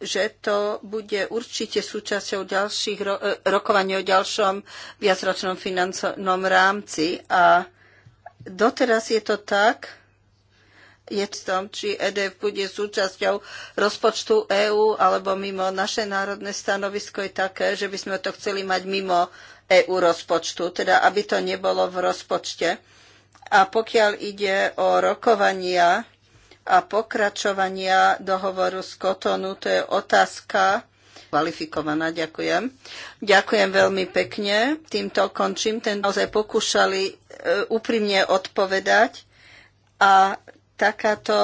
že to bude určite súčasťou ďalších ro- e, rokovaní o ďalšom viacročnom finančnom rámci. A doteraz je to tak, jedcom, či EDF bude súčasťou rozpočtu EÚ alebo mimo. Naše národné stanovisko je také, že by sme to chceli mať mimo EÚ rozpočtu, teda aby to nebolo v rozpočte. A pokiaľ ide o rokovania a pokračovania dohovoru z Kotonu, to je otázka kvalifikovaná. Ďakujem. Ďakujem veľmi pekne. Týmto končím. Ten naozaj pokúšali e, úprimne odpovedať a takáto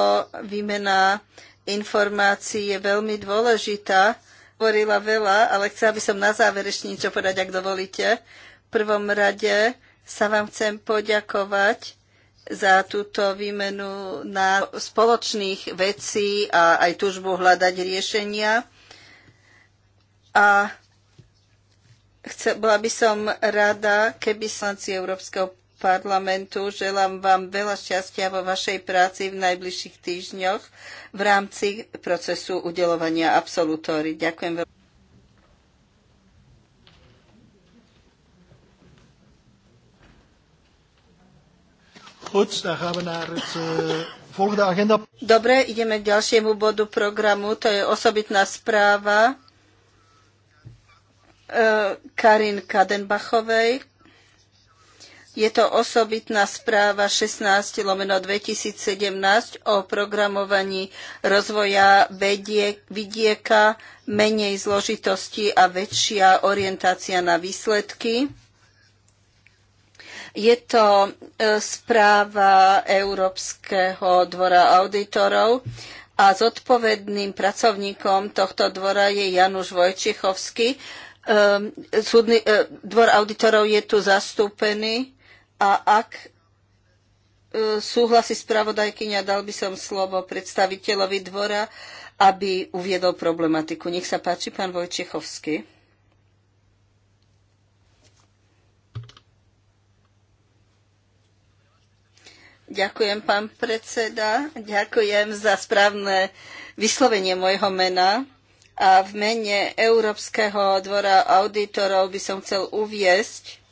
výmena informácií je veľmi dôležitá. Hovorila veľa, ale chcela by som na záver ešte niečo povedať, ak dovolíte. V prvom rade sa vám chcem poďakovať za túto výmenu na spoločných vecí a aj túžbu hľadať riešenia. A chce, bola by som rada, keby slanci Európskeho parlamentu. Želám vám veľa šťastia vo vašej práci v najbližších týždňoch v rámci procesu udelovania absolutóry. Ďakujem veľmi. Eh, Dobre, ideme k ďalšiemu bodu programu. To je osobitná správa eh, Karin Kadenbachovej je to osobitná správa 16 lomeno 2017 o programovaní rozvoja vidieka, menej zložitosti a väčšia orientácia na výsledky. Je to e, správa Európskeho dvora auditorov a zodpovedným pracovníkom tohto dvora je Januš Vojčichovský. E, súdny, e, dvor auditorov je tu zastúpený a ak e, súhlasí spravodajkyňa, dal by som slovo predstaviteľovi dvora, aby uviedol problematiku. Nech sa páči, pán Vojčechovský. Ďakujem, pán predseda. Ďakujem za správne vyslovenie mojho mena. A v mene Európskeho dvora auditorov by som chcel uviesť,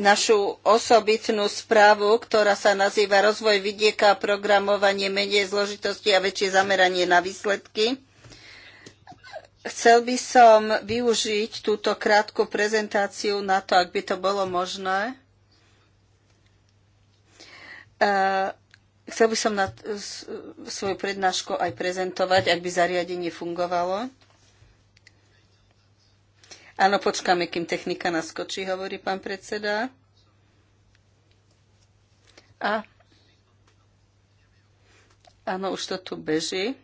našu osobitnú správu, ktorá sa nazýva Rozvoj vidieka, a programovanie, menej zložitosti a väčšie zameranie na výsledky. Chcel by som využiť túto krátku prezentáciu na to, ak by to bolo možné. E, chcel by som na svoju prednášku aj prezentovať, ak by zariadenie fungovalo. Áno, počkáme, kým technika naskočí, hovorí pán predseda. A Áno, už to tu beží.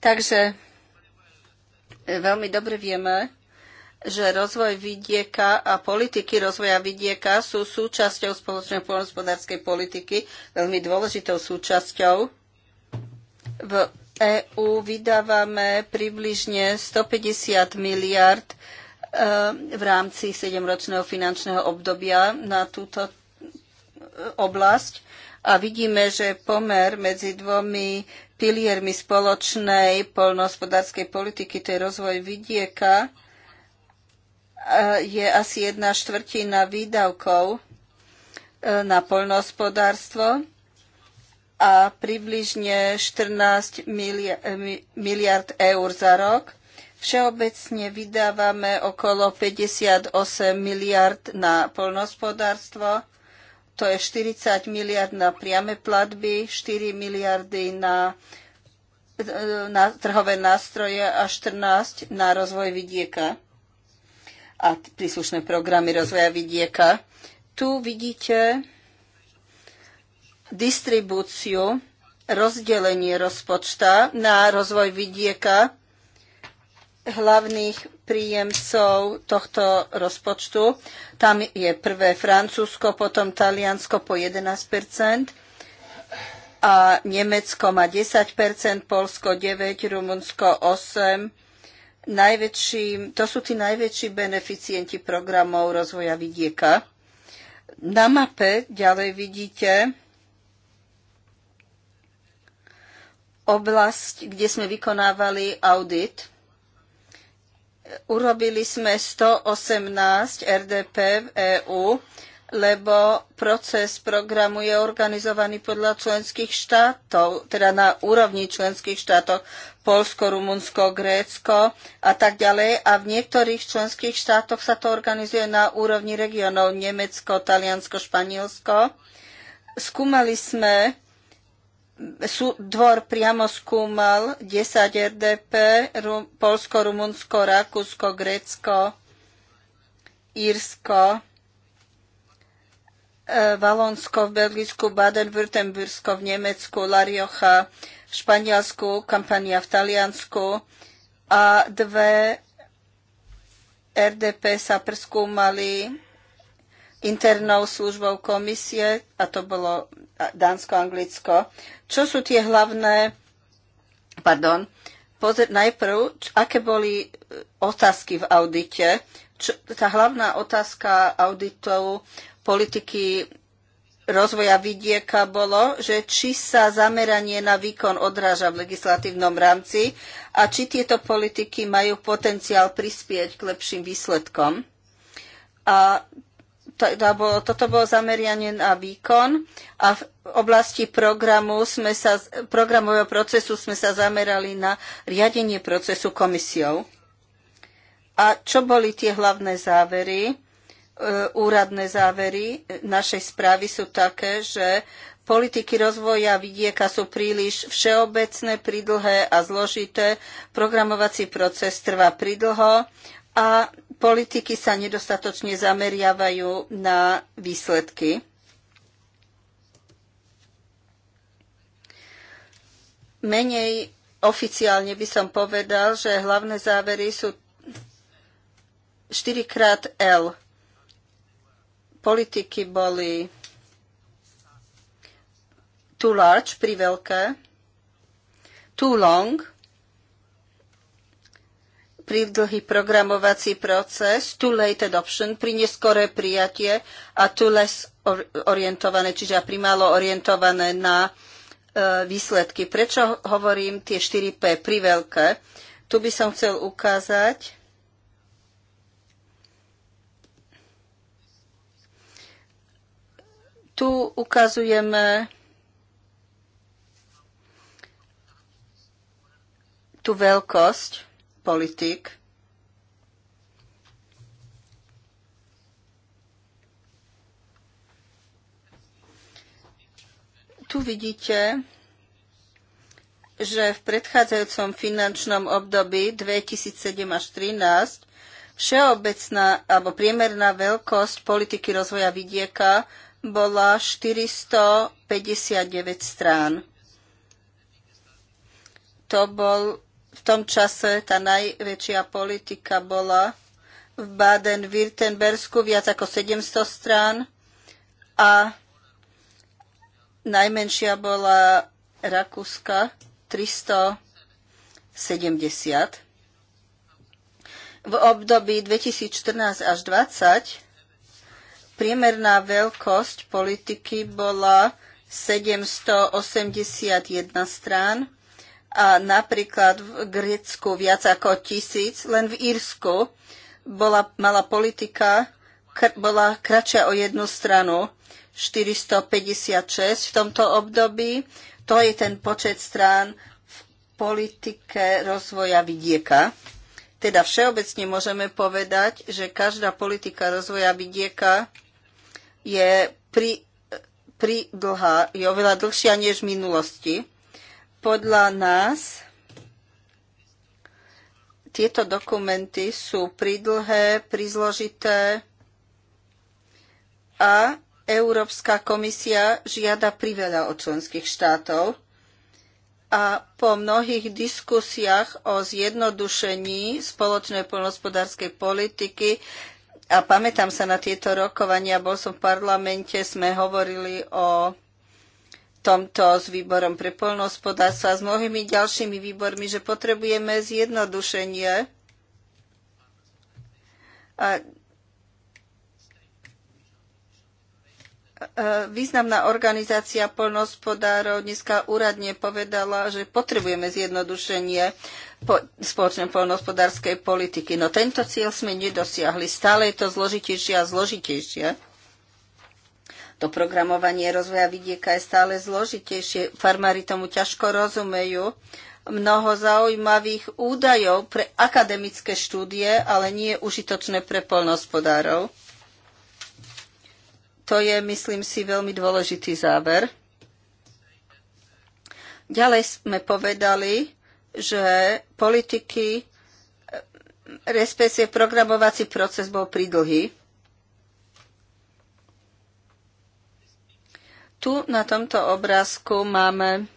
Takže veľmi dobre vieme, že rozvoj vidieka a politiky rozvoja vidieka sú súčasťou spoločnej poľnohospodárskej politiky, veľmi dôležitou súčasťou. V EÚ vydávame približne 150 miliard eh, v rámci 7-ročného finančného obdobia na túto eh, oblasť a vidíme, že pomer medzi dvomi piliermi spoločnej poľnohospodárskej politiky, to je rozvoj vidieka, e, je asi jedna štvrtina výdavkov e, na poľnohospodárstvo a približne 14 miliard eur za rok. Všeobecne vydávame okolo 58 miliard na poľnohospodárstvo to je 40 miliard na priame platby, 4 miliardy na, na trhové nástroje a 14 na rozvoj vidieka a príslušné programy rozvoja vidieka. Tu vidíte distribúciu, rozdelenie rozpočta na rozvoj vidieka hlavných príjemcov tohto rozpočtu. Tam je prvé Francúzsko, potom Taliansko po 11 a Nemecko má 10 Polsko 9, Rumunsko 8. Najväčší, to sú tí najväčší beneficienti programov rozvoja vidieka. Na mape ďalej vidíte oblasť, kde sme vykonávali audit Urobili sme 118 RDP v EÚ, lebo proces programu je organizovaný podľa členských štátov, teda na úrovni členských štátov Polsko, Rumunsko, Grécko a tak ďalej. A v niektorých členských štátoch sa to organizuje na úrovni regionov Nemecko, Taliansko, Španielsko. Skúmali sme dvor priamo skúmal 10 RDP, Polsko, Rumunsko, Rakúsko, Grécko, Írsko, e, Valonsko v Belgicku, Baden-Württembersko v Nemecku, La Rioja v Španielsku, Kampania v Taliansku a dve RDP sa preskúmali internou službou komisie, a to bolo Dánsko-Anglicko. Čo sú tie hlavné, pardon, pozr- najprv, aké boli e, otázky v audite. Čo, tá hlavná otázka auditov politiky rozvoja vidieka bolo, že či sa zameranie na výkon odráža v legislatívnom rámci a či tieto politiky majú potenciál prispieť k lepším výsledkom. A toto bolo zameranie na výkon a v oblasti programu sme sa, programového procesu sme sa zamerali na riadenie procesu komisiou. A čo boli tie hlavné závery? E, úradné závery našej správy sú také, že Politiky rozvoja vidieka sú príliš všeobecné, pridlhé a zložité. Programovací proces trvá pridlho a politiky sa nedostatočne zameriavajú na výsledky. Menej oficiálne by som povedal, že hlavné závery sú 4 L. Politiky boli too large, priveľké, too long, dlhý programovací proces, too late adoption, pri neskoré prijatie a too less orientované, čiže primálo orientované na e, výsledky. Prečo hovorím tie 4P pri veľké? Tu by som chcel ukázať, tu ukazujeme tú veľkosť politik. Tu vidíte, že v predchádzajúcom finančnom období 2007 až 2013 všeobecná alebo priemerná veľkosť politiky rozvoja vidieka bola 459 strán. To bol v tom čase tá najväčšia politika bola v Baden-Württembersku viac ako 700 strán a najmenšia bola Rakúska 370. V období 2014 až 2020 priemerná veľkosť politiky bola 781 strán a napríklad v Grécku viac ako tisíc, len v Írsku bola, mala politika, kr- bola kratšia o jednu stranu, 456 v tomto období. To je ten počet strán v politike rozvoja vidieka. Teda všeobecne môžeme povedať, že každá politika rozvoja vidieka je pri, pri dlhá, je oveľa dlhšia než v minulosti podľa nás tieto dokumenty sú pridlhé, prizložité a Európska komisia žiada priveľa od členských štátov a po mnohých diskusiách o zjednodušení spoločnej poľnohospodárskej politiky a pamätám sa na tieto rokovania, bol som v parlamente, sme hovorili o tomto s výborom pre poľnohospodárstvo a s mnohými ďalšími výbormi, že potrebujeme zjednodušenie. A významná organizácia poľnohospodárov dneska úradne povedala, že potrebujeme zjednodušenie po, spoločnej poľnohospodárskej politiky. No tento cieľ sme nedosiahli. Stále je to zložitejšie a zložitejšie. To programovanie rozvoja vidieka je stále zložitejšie. Farmári tomu ťažko rozumejú. Mnoho zaujímavých údajov pre akademické štúdie, ale nie je užitočné pre polnospodárov. To je, myslím si, veľmi dôležitý záver. Ďalej sme povedali, že politiky, respektíve programovací proces bol pridlhý. Tu na tomto obrázku máme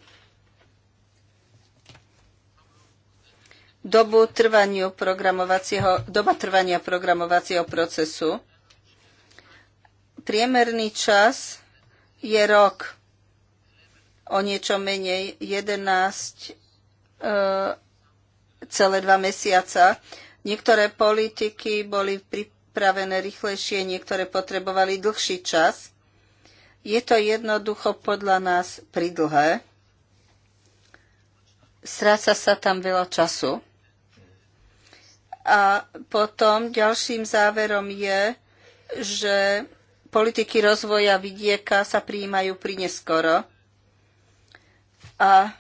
dobu trvania programovacieho, doba trvania programovacieho procesu. Priemerný čas je rok o niečo menej 11 e, celé dva mesiaca. Niektoré politiky boli pripravené rýchlejšie, niektoré potrebovali dlhší čas. Je to jednoducho podľa nás pridlhé. Stráca sa tam veľa času. A potom ďalším záverom je, že politiky rozvoja vidieka sa prijímajú prineskoro. A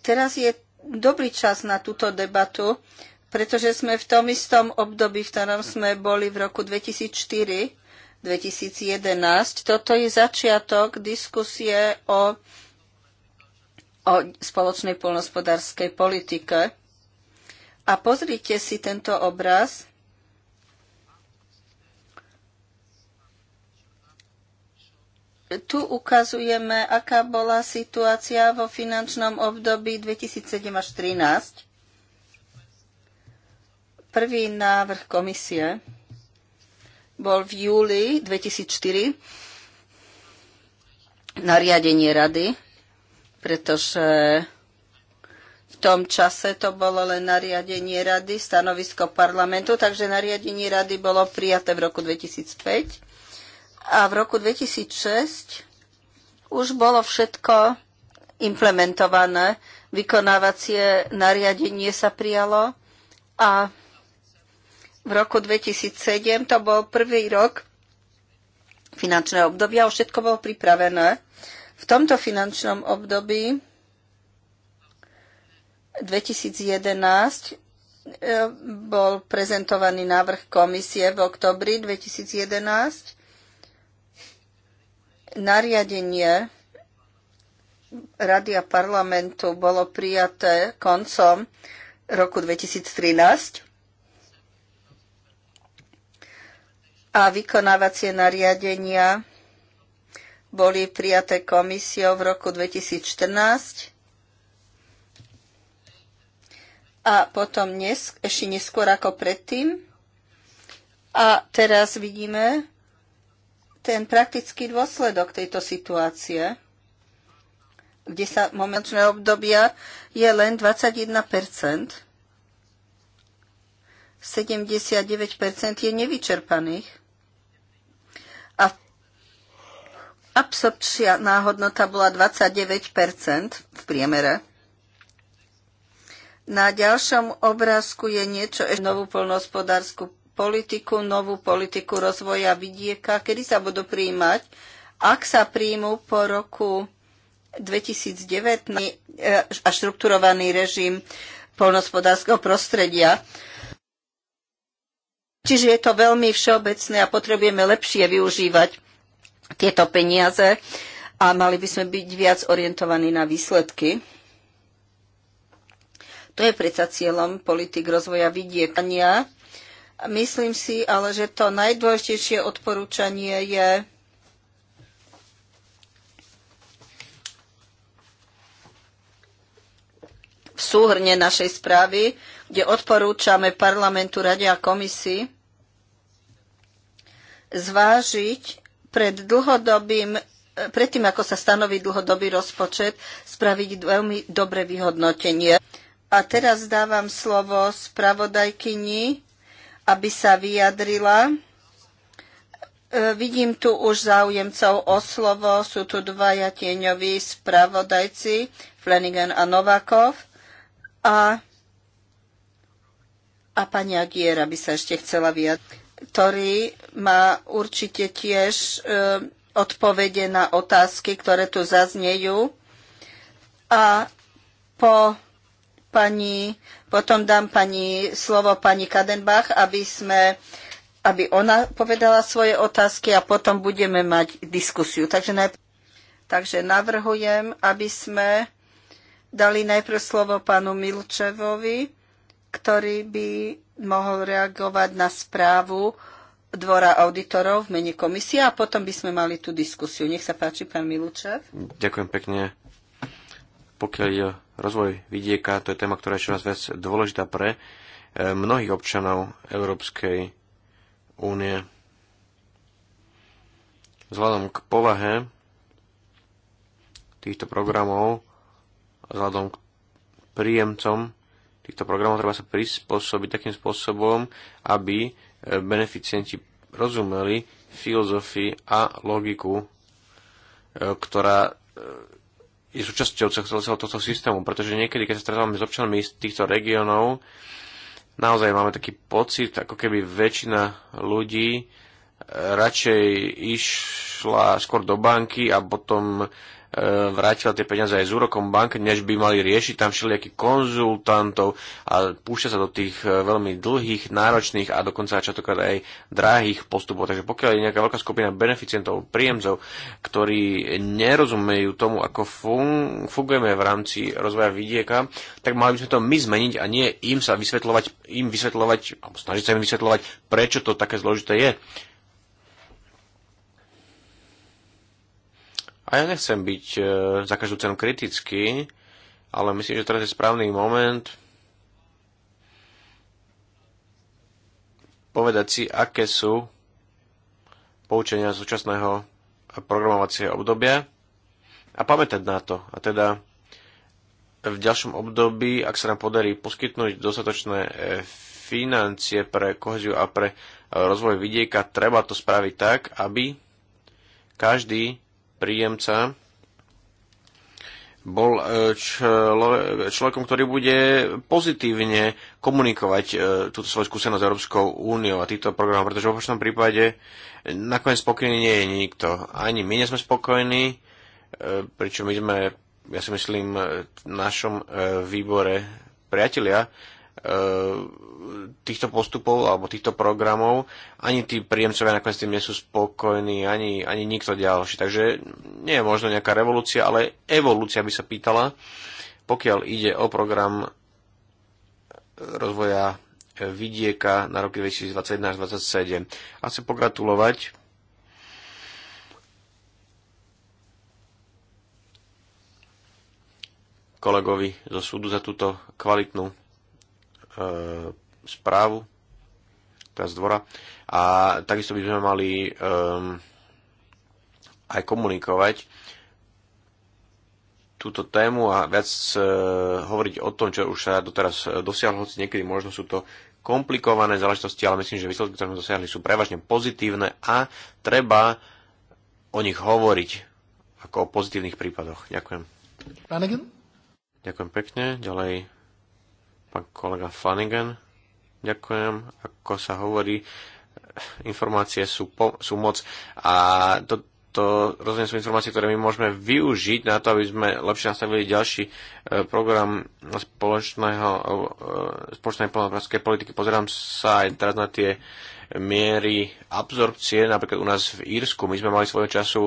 teraz je dobrý čas na túto debatu, pretože sme v tom istom období, v ktorom sme boli v roku 2004 2011. Toto je začiatok diskusie o, o spoločnej polnospodárskej politike. A pozrite si tento obraz. Tu ukazujeme, aká bola situácia vo finančnom období 2007 až 2013. Prvý návrh komisie bol v júli 2004 nariadenie rady, pretože v tom čase to bolo len nariadenie rady, stanovisko parlamentu, takže nariadenie rady bolo prijaté v roku 2005 a v roku 2006 už bolo všetko implementované. Vykonávacie nariadenie sa prijalo a v roku 2007, to bol prvý rok finančného obdobia, už všetko bolo pripravené. V tomto finančnom období 2011 e, bol prezentovaný návrh komisie v oktobri 2011. Nariadenie Rady a parlamentu bolo prijaté koncom roku 2013 a vykonávacie nariadenia boli prijaté komisiou v roku 2014 a potom nes- ešte neskôr ako predtým. A teraz vidíme ten praktický dôsledok tejto situácie, kde sa momentného obdobia je len 21 79 je nevyčerpaných. Absorpčná hodnota bola 29 v priemere. Na ďalšom obrázku je niečo ešte novú polnohospodárskú politiku, novú politiku rozvoja vidieka, kedy sa budú príjmať, Ak sa príjmu po roku 2019 eh, a štrukturovaný režim polnohospodárskeho prostredia. Čiže je to veľmi všeobecné a potrebujeme lepšie využívať tieto peniaze a mali by sme byť viac orientovaní na výsledky. To je predsa cieľom politik rozvoja vidiekania. Myslím si ale, že to najdôležitejšie odporúčanie je v súhrne našej správy, kde odporúčame parlamentu, rade a komisii zvážiť pred dlhodobým e, predtým, ako sa stanoví dlhodobý rozpočet, spraviť veľmi dobré vyhodnotenie. A teraz dávam slovo spravodajkyni, aby sa vyjadrila. E, vidím tu už záujemcov o slovo. Sú tu dvaja tieňoví spravodajci, Flanagan a Novakov. A, a pani Agiera by sa ešte chcela vyjadriť ktorý má určite tiež e, odpovede na otázky, ktoré tu zaznejú. A po pani, potom dám pani slovo pani Kadenbach, aby sme aby ona povedala svoje otázky a potom budeme mať diskusiu. Takže, najpr- takže navrhujem, aby sme dali najprv slovo pánu Milčevovi, ktorý by mohol reagovať na správu dvora auditorov v mene komisie a potom by sme mali tú diskusiu. Nech sa páči, pán Milúčev. Ďakujem pekne. Pokiaľ je rozvoj vidieka, to je téma, ktorá je čoraz viac dôležitá pre eh, mnohých občanov Európskej únie. Vzhľadom k povahe týchto programov, vzhľadom k príjemcom týchto programov treba sa prispôsobiť takým spôsobom, aby e, beneficienti rozumeli filozofii a logiku, e, ktorá e, je súčasťou celého tohto systému, pretože niekedy, keď sa stretávame s občanmi z týchto regiónov, naozaj máme taký pocit, ako keby väčšina ľudí radšej išla skôr do banky a potom E, vrátila tie peniaze aj z úrokom bank, než by mali riešiť tam všelijakých konzultantov a púšťa sa do tých e, veľmi dlhých, náročných a dokonca častokrát aj drahých postupov. Takže pokiaľ je nejaká veľká skupina beneficientov, príjemcov, ktorí nerozumejú tomu, ako fun- fungujeme v rámci rozvoja vidieka, tak mali by sme to my zmeniť a nie im sa vysvetľovať, im vysvetľovať, alebo snažiť sa im vysvetľovať, prečo to také zložité je A ja nechcem byť e, za každú cenu kritický, ale myslím, že teraz je správny moment povedať si, aké sú poučenia súčasného programovacieho obdobia a pamätať na to. A teda v ďalšom období, ak sa nám podarí poskytnúť dostatočné e, financie pre koheziu a pre e, rozvoj vidieka, treba to spraviť tak, aby každý príjemca bol e, člo, človekom, ktorý bude pozitívne komunikovať e, túto svoju skúsenosť s Európskou úniou a týchto programov, pretože v opačnom prípade nakoniec spokojný nie je nikto. Ani my nie sme spokojní, e, pričom my sme, ja si myslím, v našom výbore priatelia, E, týchto postupov alebo týchto programov, ani tí príjemcovia nakoniec tým nie sú spokojní, ani, ani nikto ďalší. Takže nie je možno nejaká revolúcia, ale evolúcia by sa pýtala, pokiaľ ide o program rozvoja vidieka na roky 2021 až 2027. A chcem pogratulovať kolegovi zo súdu za túto kvalitnú E, správu teda z dvora a takisto by sme mali um, aj komunikovať túto tému a viac uh, hovoriť o tom, čo už sa doteraz dosiahlo, hoci niekedy možno sú to komplikované záležitosti, ale myslím, že výsledky, ktoré sme dosiahli, sú prevažne pozitívne a treba o nich hovoriť ako o pozitívnych prípadoch. Ďakujem. Ďakujem pekne. Ďalej Pán kolega Flanagan, ďakujem. Ako sa hovorí, informácie sú, po, sú moc a to, to rozhodne sú informácie, ktoré my môžeme využiť na to, aby sme lepšie nastavili ďalší e, program spoločného, e, spoločnej plnohospodárskej politiky. Pozerám sa aj teraz na tie miery absorpcie, napríklad u nás v Írsku. My sme mali svojho času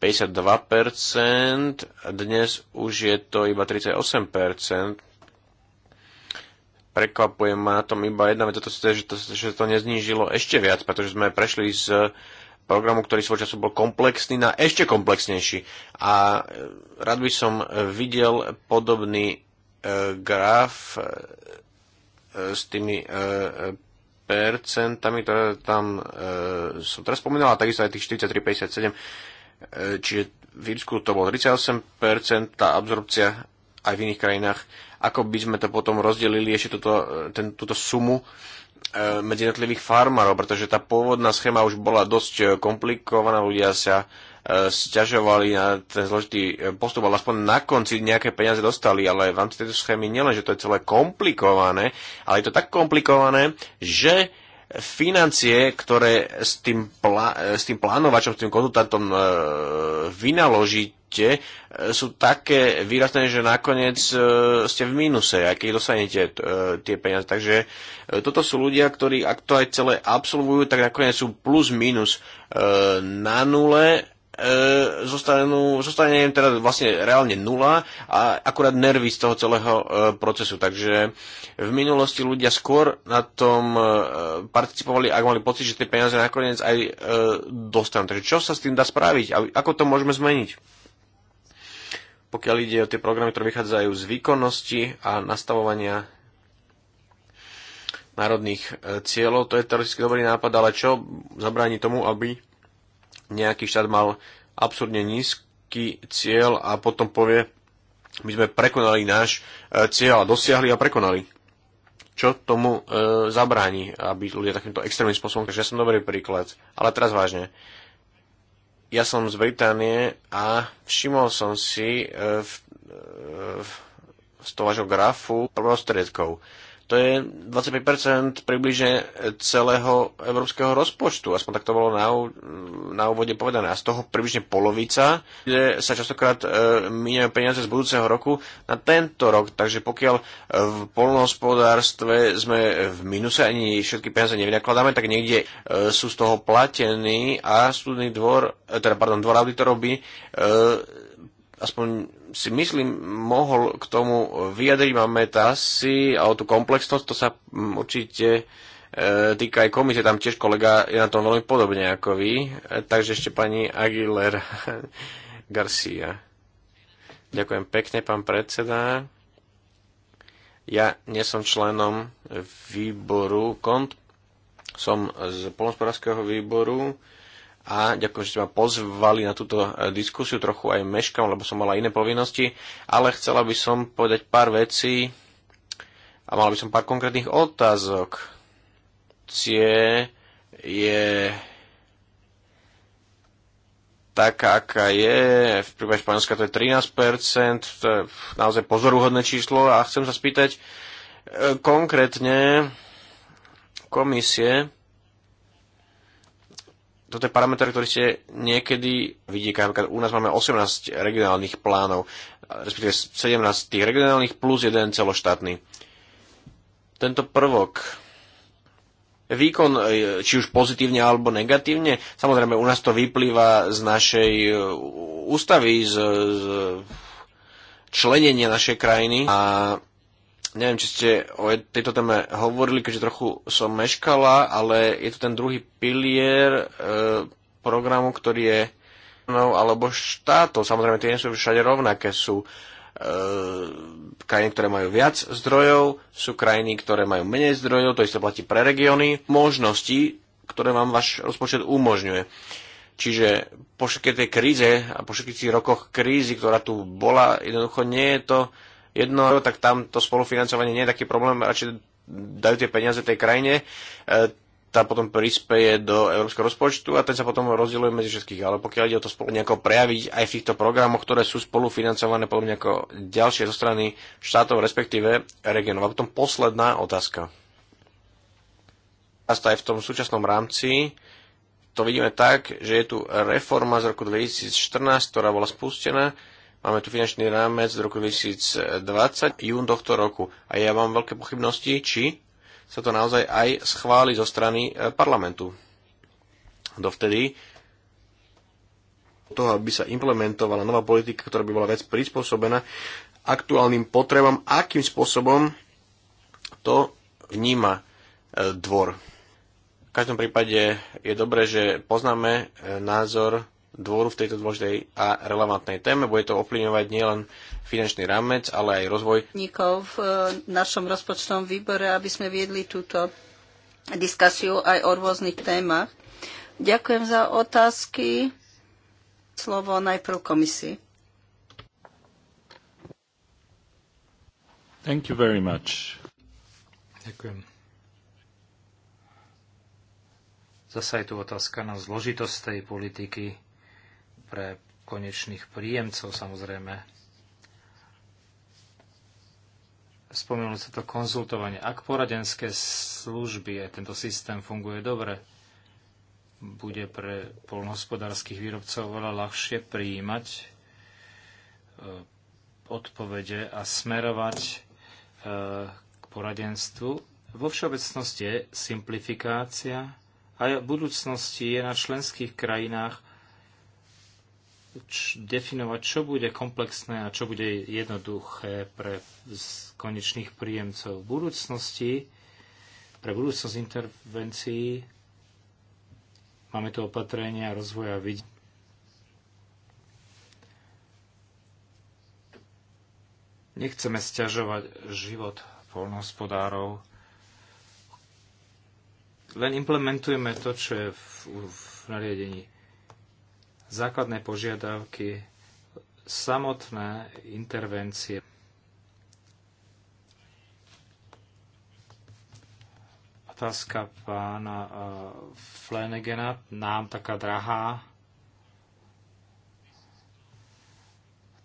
52%, dnes už je to iba 38%, prekvapuje ma na tom iba jedna vec, to, že to, že to neznížilo ešte viac, pretože sme prešli z eh, programu, ktorý svoj času bol komplexný, na ešte komplexnejší. A eh, rád by som eh, videl podobný e, graf e, s tými e, percentami, ktoré tam e, som teraz spomínal, a takisto aj tých 43,57. E, čiže v Irsku to bolo 38%, tá absorpcia aj v iných krajinách, ako by sme to potom rozdelili ešte toto, e, ten, túto sumu e, medzi jednotlivých farmárov, pretože tá pôvodná schéma už bola dosť e, komplikovaná, ľudia sa sťažovali na ten zložitý postup, ale aspoň na konci nejaké peniaze dostali, ale v rámci tejto schémy nielen, že to je celé komplikované, ale je to tak komplikované, že financie, ktoré s tým, plá, s tým plánovačom, s tým konzultantom e, vynaloží ste, e, sú také výrazné, že nakoniec e, ste v mínuse, aj keď dostanete e, tie peniaze. Takže toto sú ľudia, ktorí ak to aj celé absolvujú, tak nakoniec sú plus minus na nule zostanú, zostane im teda vlastne reálne nula a akurát nervy z toho celého e, procesu. Takže v minulosti ľudia skôr na tom e, participovali, ak mali pocit, že tie peniaze nakoniec aj e, dostanú. Takže čo sa s tým dá spraviť? A ako to môžeme zmeniť? pokiaľ ide o tie programy, ktoré vychádzajú z výkonnosti a nastavovania národných e, cieľov. To je teoreticky dobrý nápad, ale čo zabráni tomu, aby nejaký štát mal absurdne nízky cieľ a potom povie, my sme prekonali náš e, cieľ a dosiahli a prekonali. Čo tomu e, zabráni, aby ľudia takýmto extrémnym spôsobom... Takže ja som dobrý príklad, ale teraz vážne. Ja som z Británie a všimol som si e, v, e, z toho vášho grafu prostriedkov. To je 25% približne celého európskeho rozpočtu, aspoň tak to bolo na, na úvode povedané. A z toho približne polovica, kde sa častokrát e, míňajú peniaze z budúceho roku na tento rok. Takže pokiaľ v polnohospodárstve sme v minuse, ani všetky peniaze nevynakladáme, tak niekde e, sú z toho platení a súdny dvor, e, teda pardon, dvor auditorov by e, aspoň si myslím, mohol k tomu vyjadriť. Máme asi a o tú komplexnosť, to sa mm, určite e, týka aj komisie, tam tiež kolega je na tom veľmi podobne ako vy. E, takže ešte pani Aguilera Garcia. Ďakujem pekne, pán predseda. Ja nie som členom výboru KONT, som z polnospodárskeho výboru a ďakujem, že ste ma pozvali na túto e, diskusiu. Trochu aj meškam, lebo som mala iné povinnosti, ale chcela by som povedať pár vecí a mala by som pár konkrétnych otázok. Cie je taká, aká je. V prípade Španielska to je 13%, to je naozaj pozoruhodné číslo a chcem sa spýtať e, konkrétne komisie, toto je parameter, ktorý ste niekedy vidíte. Napríklad u nás máme 18 regionálnych plánov, respektíve 17 tých regionálnych plus jeden celoštátny. Tento prvok výkon, e, či už pozitívne alebo negatívne. Samozrejme, u nás to vyplýva z našej e, ústavy, z, z členenia našej krajiny a Neviem, či ste o tejto téme hovorili, keďže trochu som meškala, ale je to ten druhý pilier e, programu, ktorý je no, alebo štátov. Samozrejme, tie nie sú všade rovnaké. Sú e, krajiny, ktoré majú viac zdrojov, sú krajiny, ktoré majú menej zdrojov, to isté platí pre regióny. Možnosti, ktoré vám váš rozpočet umožňuje. Čiže po všetkej tej kríze a po všetkých tých rokoch krízy, ktorá tu bola, jednoducho nie je to jedno, tak tam to spolufinancovanie nie je taký problém, radšej dajú tie peniaze tej krajine, e, tá potom prispeje do európskeho rozpočtu a ten sa potom rozdieluje medzi všetkých. Ale pokiaľ ide o to spolu nejako prejaviť aj v týchto programoch, ktoré sú spolufinancované podľa mňa ako ďalšie zo strany štátov, respektíve regionov. A potom posledná otázka. A aj v tom súčasnom rámci to vidíme tak, že je tu reforma z roku 2014, ktorá bola spustená Máme tu finančný rámec z roku 2020, jún tohto roku. A ja mám veľké pochybnosti, či sa to naozaj aj schváli zo strany e, parlamentu. Dovtedy toho, aby sa implementovala nová politika, ktorá by bola vec prispôsobená aktuálnym potrebám, akým spôsobom to vníma e, dvor. V každom prípade je dobré, že poznáme e, názor dvoru v tejto dôležitej a relevantnej téme. Bude to ovplyvňovať nielen finančný rámec, ale aj rozvoj. ...v e, našom rozpočtovom výbore, aby sme viedli túto diskusiu aj o rôznych témach. Ďakujem za otázky. Slovo najprv komisii. Thank you very much. Ďakujem. Zasa je tu otázka na zložitosť tej politiky pre konečných príjemcov samozrejme. Spomenul sa to konzultovanie. Ak poradenské služby a tento systém funguje dobre, bude pre polnohospodárskych výrobcov veľa ľahšie prijímať e, odpovede a smerovať e, k poradenstvu. Vo všeobecnosti je simplifikácia a v budúcnosti je na členských krajinách definovať, čo bude komplexné a čo bude jednoduché pre konečných príjemcov v budúcnosti, pre budúcnosť intervencií. Máme tu opatrenia rozvoja vidieť. Nechceme stiažovať život polnohospodárov, len implementujeme to, čo je v, v nariadení základné požiadavky, samotné intervencie. Otázka pána eh, Flanagena, nám taká drahá.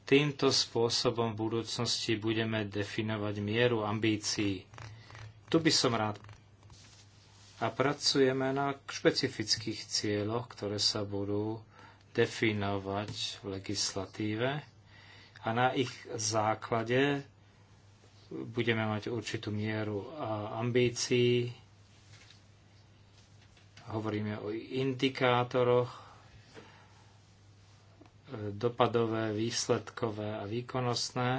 Týmto spôsobom v budúcnosti budeme definovať mieru ambícií. Tu by som rád a pracujeme na špecifických cieľoch, ktoré sa budú definovať v legislatíve a na ich základe budeme mať určitú mieru ambícií. Hovoríme o indikátoroch, e, dopadové, výsledkové a výkonnostné.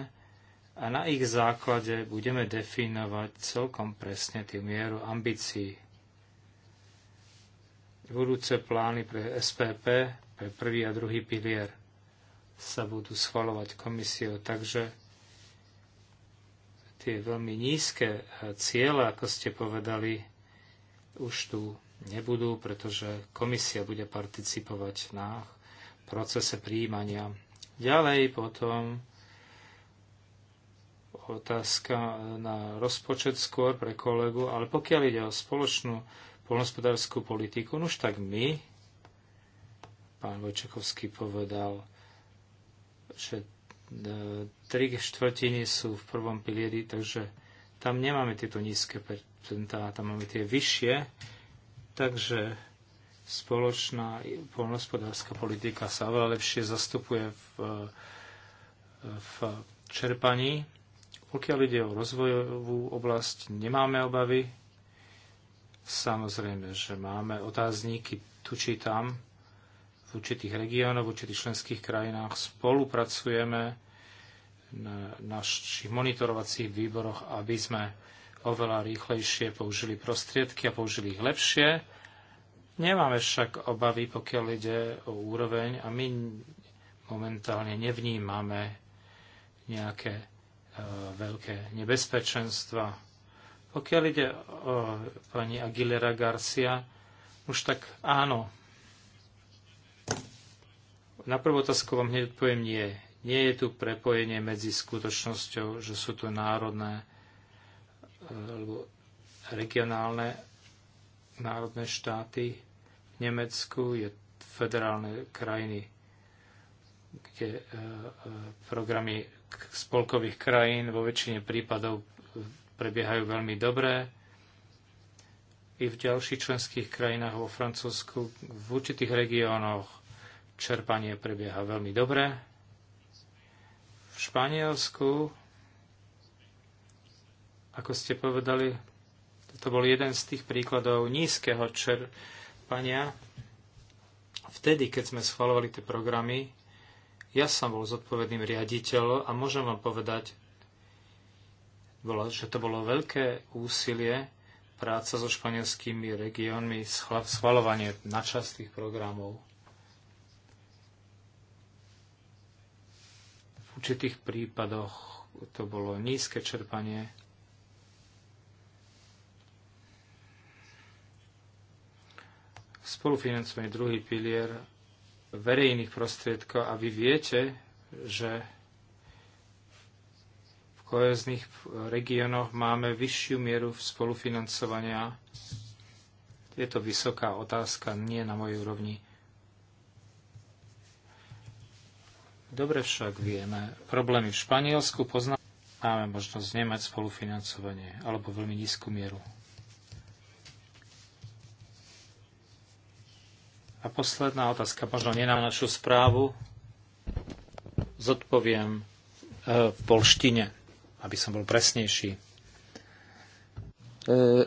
A na ich základe budeme definovať celkom presne tú mieru ambícií. Budúce plány pre SPP pre prvý a druhý pilier sa budú schvalovať komisiou. Takže tie veľmi nízke e, ciele, ako ste povedali, už tu nebudú, pretože komisia bude participovať na procese príjmania. Ďalej potom otázka e, na rozpočet skôr pre kolegu, ale pokiaľ ide o spoločnú polnospodárskú politiku, no už tak my Pán Vojčakovský povedal, že e, tri štvrtiny sú v prvom pilieri, takže tam nemáme tieto nízke percentá, tam máme tie vyššie, takže spoločná polnospodárska politika sa oveľa lepšie zastupuje v, e, v čerpaní. Pokiaľ ide o rozvojovú oblasť, nemáme obavy. Samozrejme, že máme otázníky tu či tam, v určitých regiónoch, v určitých členských krajinách spolupracujeme na našich monitorovacích výboroch, aby sme oveľa rýchlejšie použili prostriedky a použili ich lepšie. Nemáme však obavy, pokiaľ ide o úroveň a my momentálne nevnímame nejaké e, veľké nebezpečenstva. Pokiaľ ide o pani Aguilera Garcia, už tak áno, na prvú otázku vám hneď odpoviem nie. Nie je tu prepojenie medzi skutočnosťou, že sú tu národné e, alebo regionálne národné štáty. V Nemecku je federálne krajiny, kde e, e, programy spolkových krajín vo väčšine prípadov prebiehajú veľmi dobré i v ďalších členských krajinách vo Francúzsku, v určitých regiónoch Čerpanie prebieha veľmi dobre. V Španielsku, ako ste povedali, to bol jeden z tých príkladov nízkeho čerpania. Vtedy, keď sme schvalovali tie programy, ja som bol zodpovedným riaditeľom a môžem vám povedať, že to bolo veľké úsilie, práca so španielskými regiónmi, schvalovanie tých programov. určitých prípadoch to bolo nízke čerpanie. Spolufinancovanie druhý pilier verejných prostriedkov a vy viete, že v kohezných regiónoch máme vyššiu mieru spolufinancovania. Je to vysoká otázka, nie na mojej úrovni. Dobre však vieme, problémy v Španielsku poznáme, máme možnosť nemať spolufinancovanie alebo veľmi nízku mieru. A posledná otázka, možno nie na našu správu, zodpoviem e, v polštine, aby som bol presnejší. E,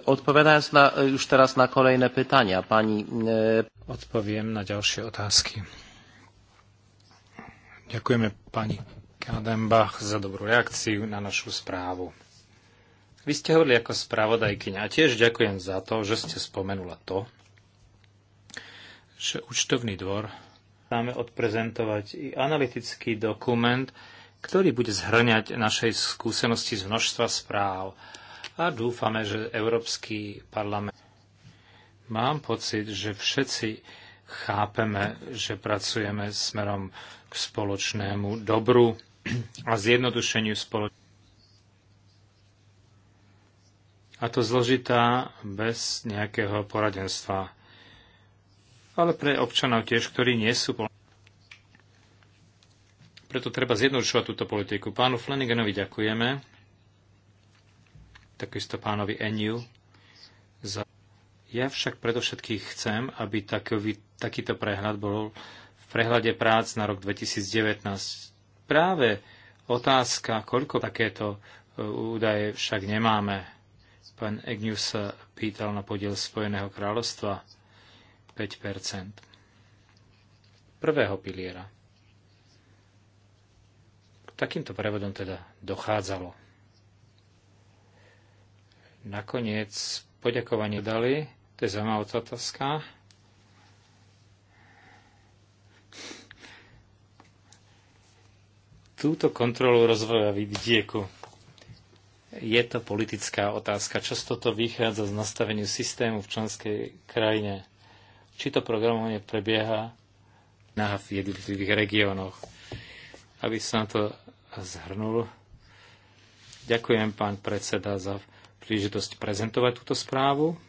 Odpovedając na, e, už teraz na kolejné pytania, pani... E... Odpoviem na ďalšie otázky. Ďakujeme pani Kadenbach za dobrú reakciu na našu správu. Vy ste hovorili ako spravodajkyňa a tiež ďakujem za to, že ste spomenula to, že účtovný dvor máme odprezentovať i analytický dokument, ktorý bude zhrňať našej skúsenosti z množstva správ. A dúfame, že Európsky parlament. Mám pocit, že všetci chápeme, že pracujeme smerom k spoločnému dobru a zjednodušeniu spoločnosti. A to zložitá bez nejakého poradenstva. Ale pre občanov tiež, ktorí nie sú preto treba zjednodušovať túto politiku. Pánu Flanaganovi ďakujeme, takisto pánovi Eniu. Za... Ja však predovšetkých chcem, aby takový, takýto prehľad bol prehľade prác na rok 2019. Práve otázka, koľko takéto e, údaje však nemáme. Pán Egnius sa pýtal na podiel Spojeného kráľovstva 5 prvého piliera. K takýmto prevodom teda dochádzalo. Nakoniec poďakovanie dali, to je zaujímavá otázka, túto kontrolu rozvoja vidieku. Je to politická otázka. Často to vychádza z nastaveniu systému v členskej krajine. Či to programovanie prebieha na v jednotlivých regiónoch. Aby som to zhrnul, ďakujem pán predseda za príležitosť prezentovať túto správu.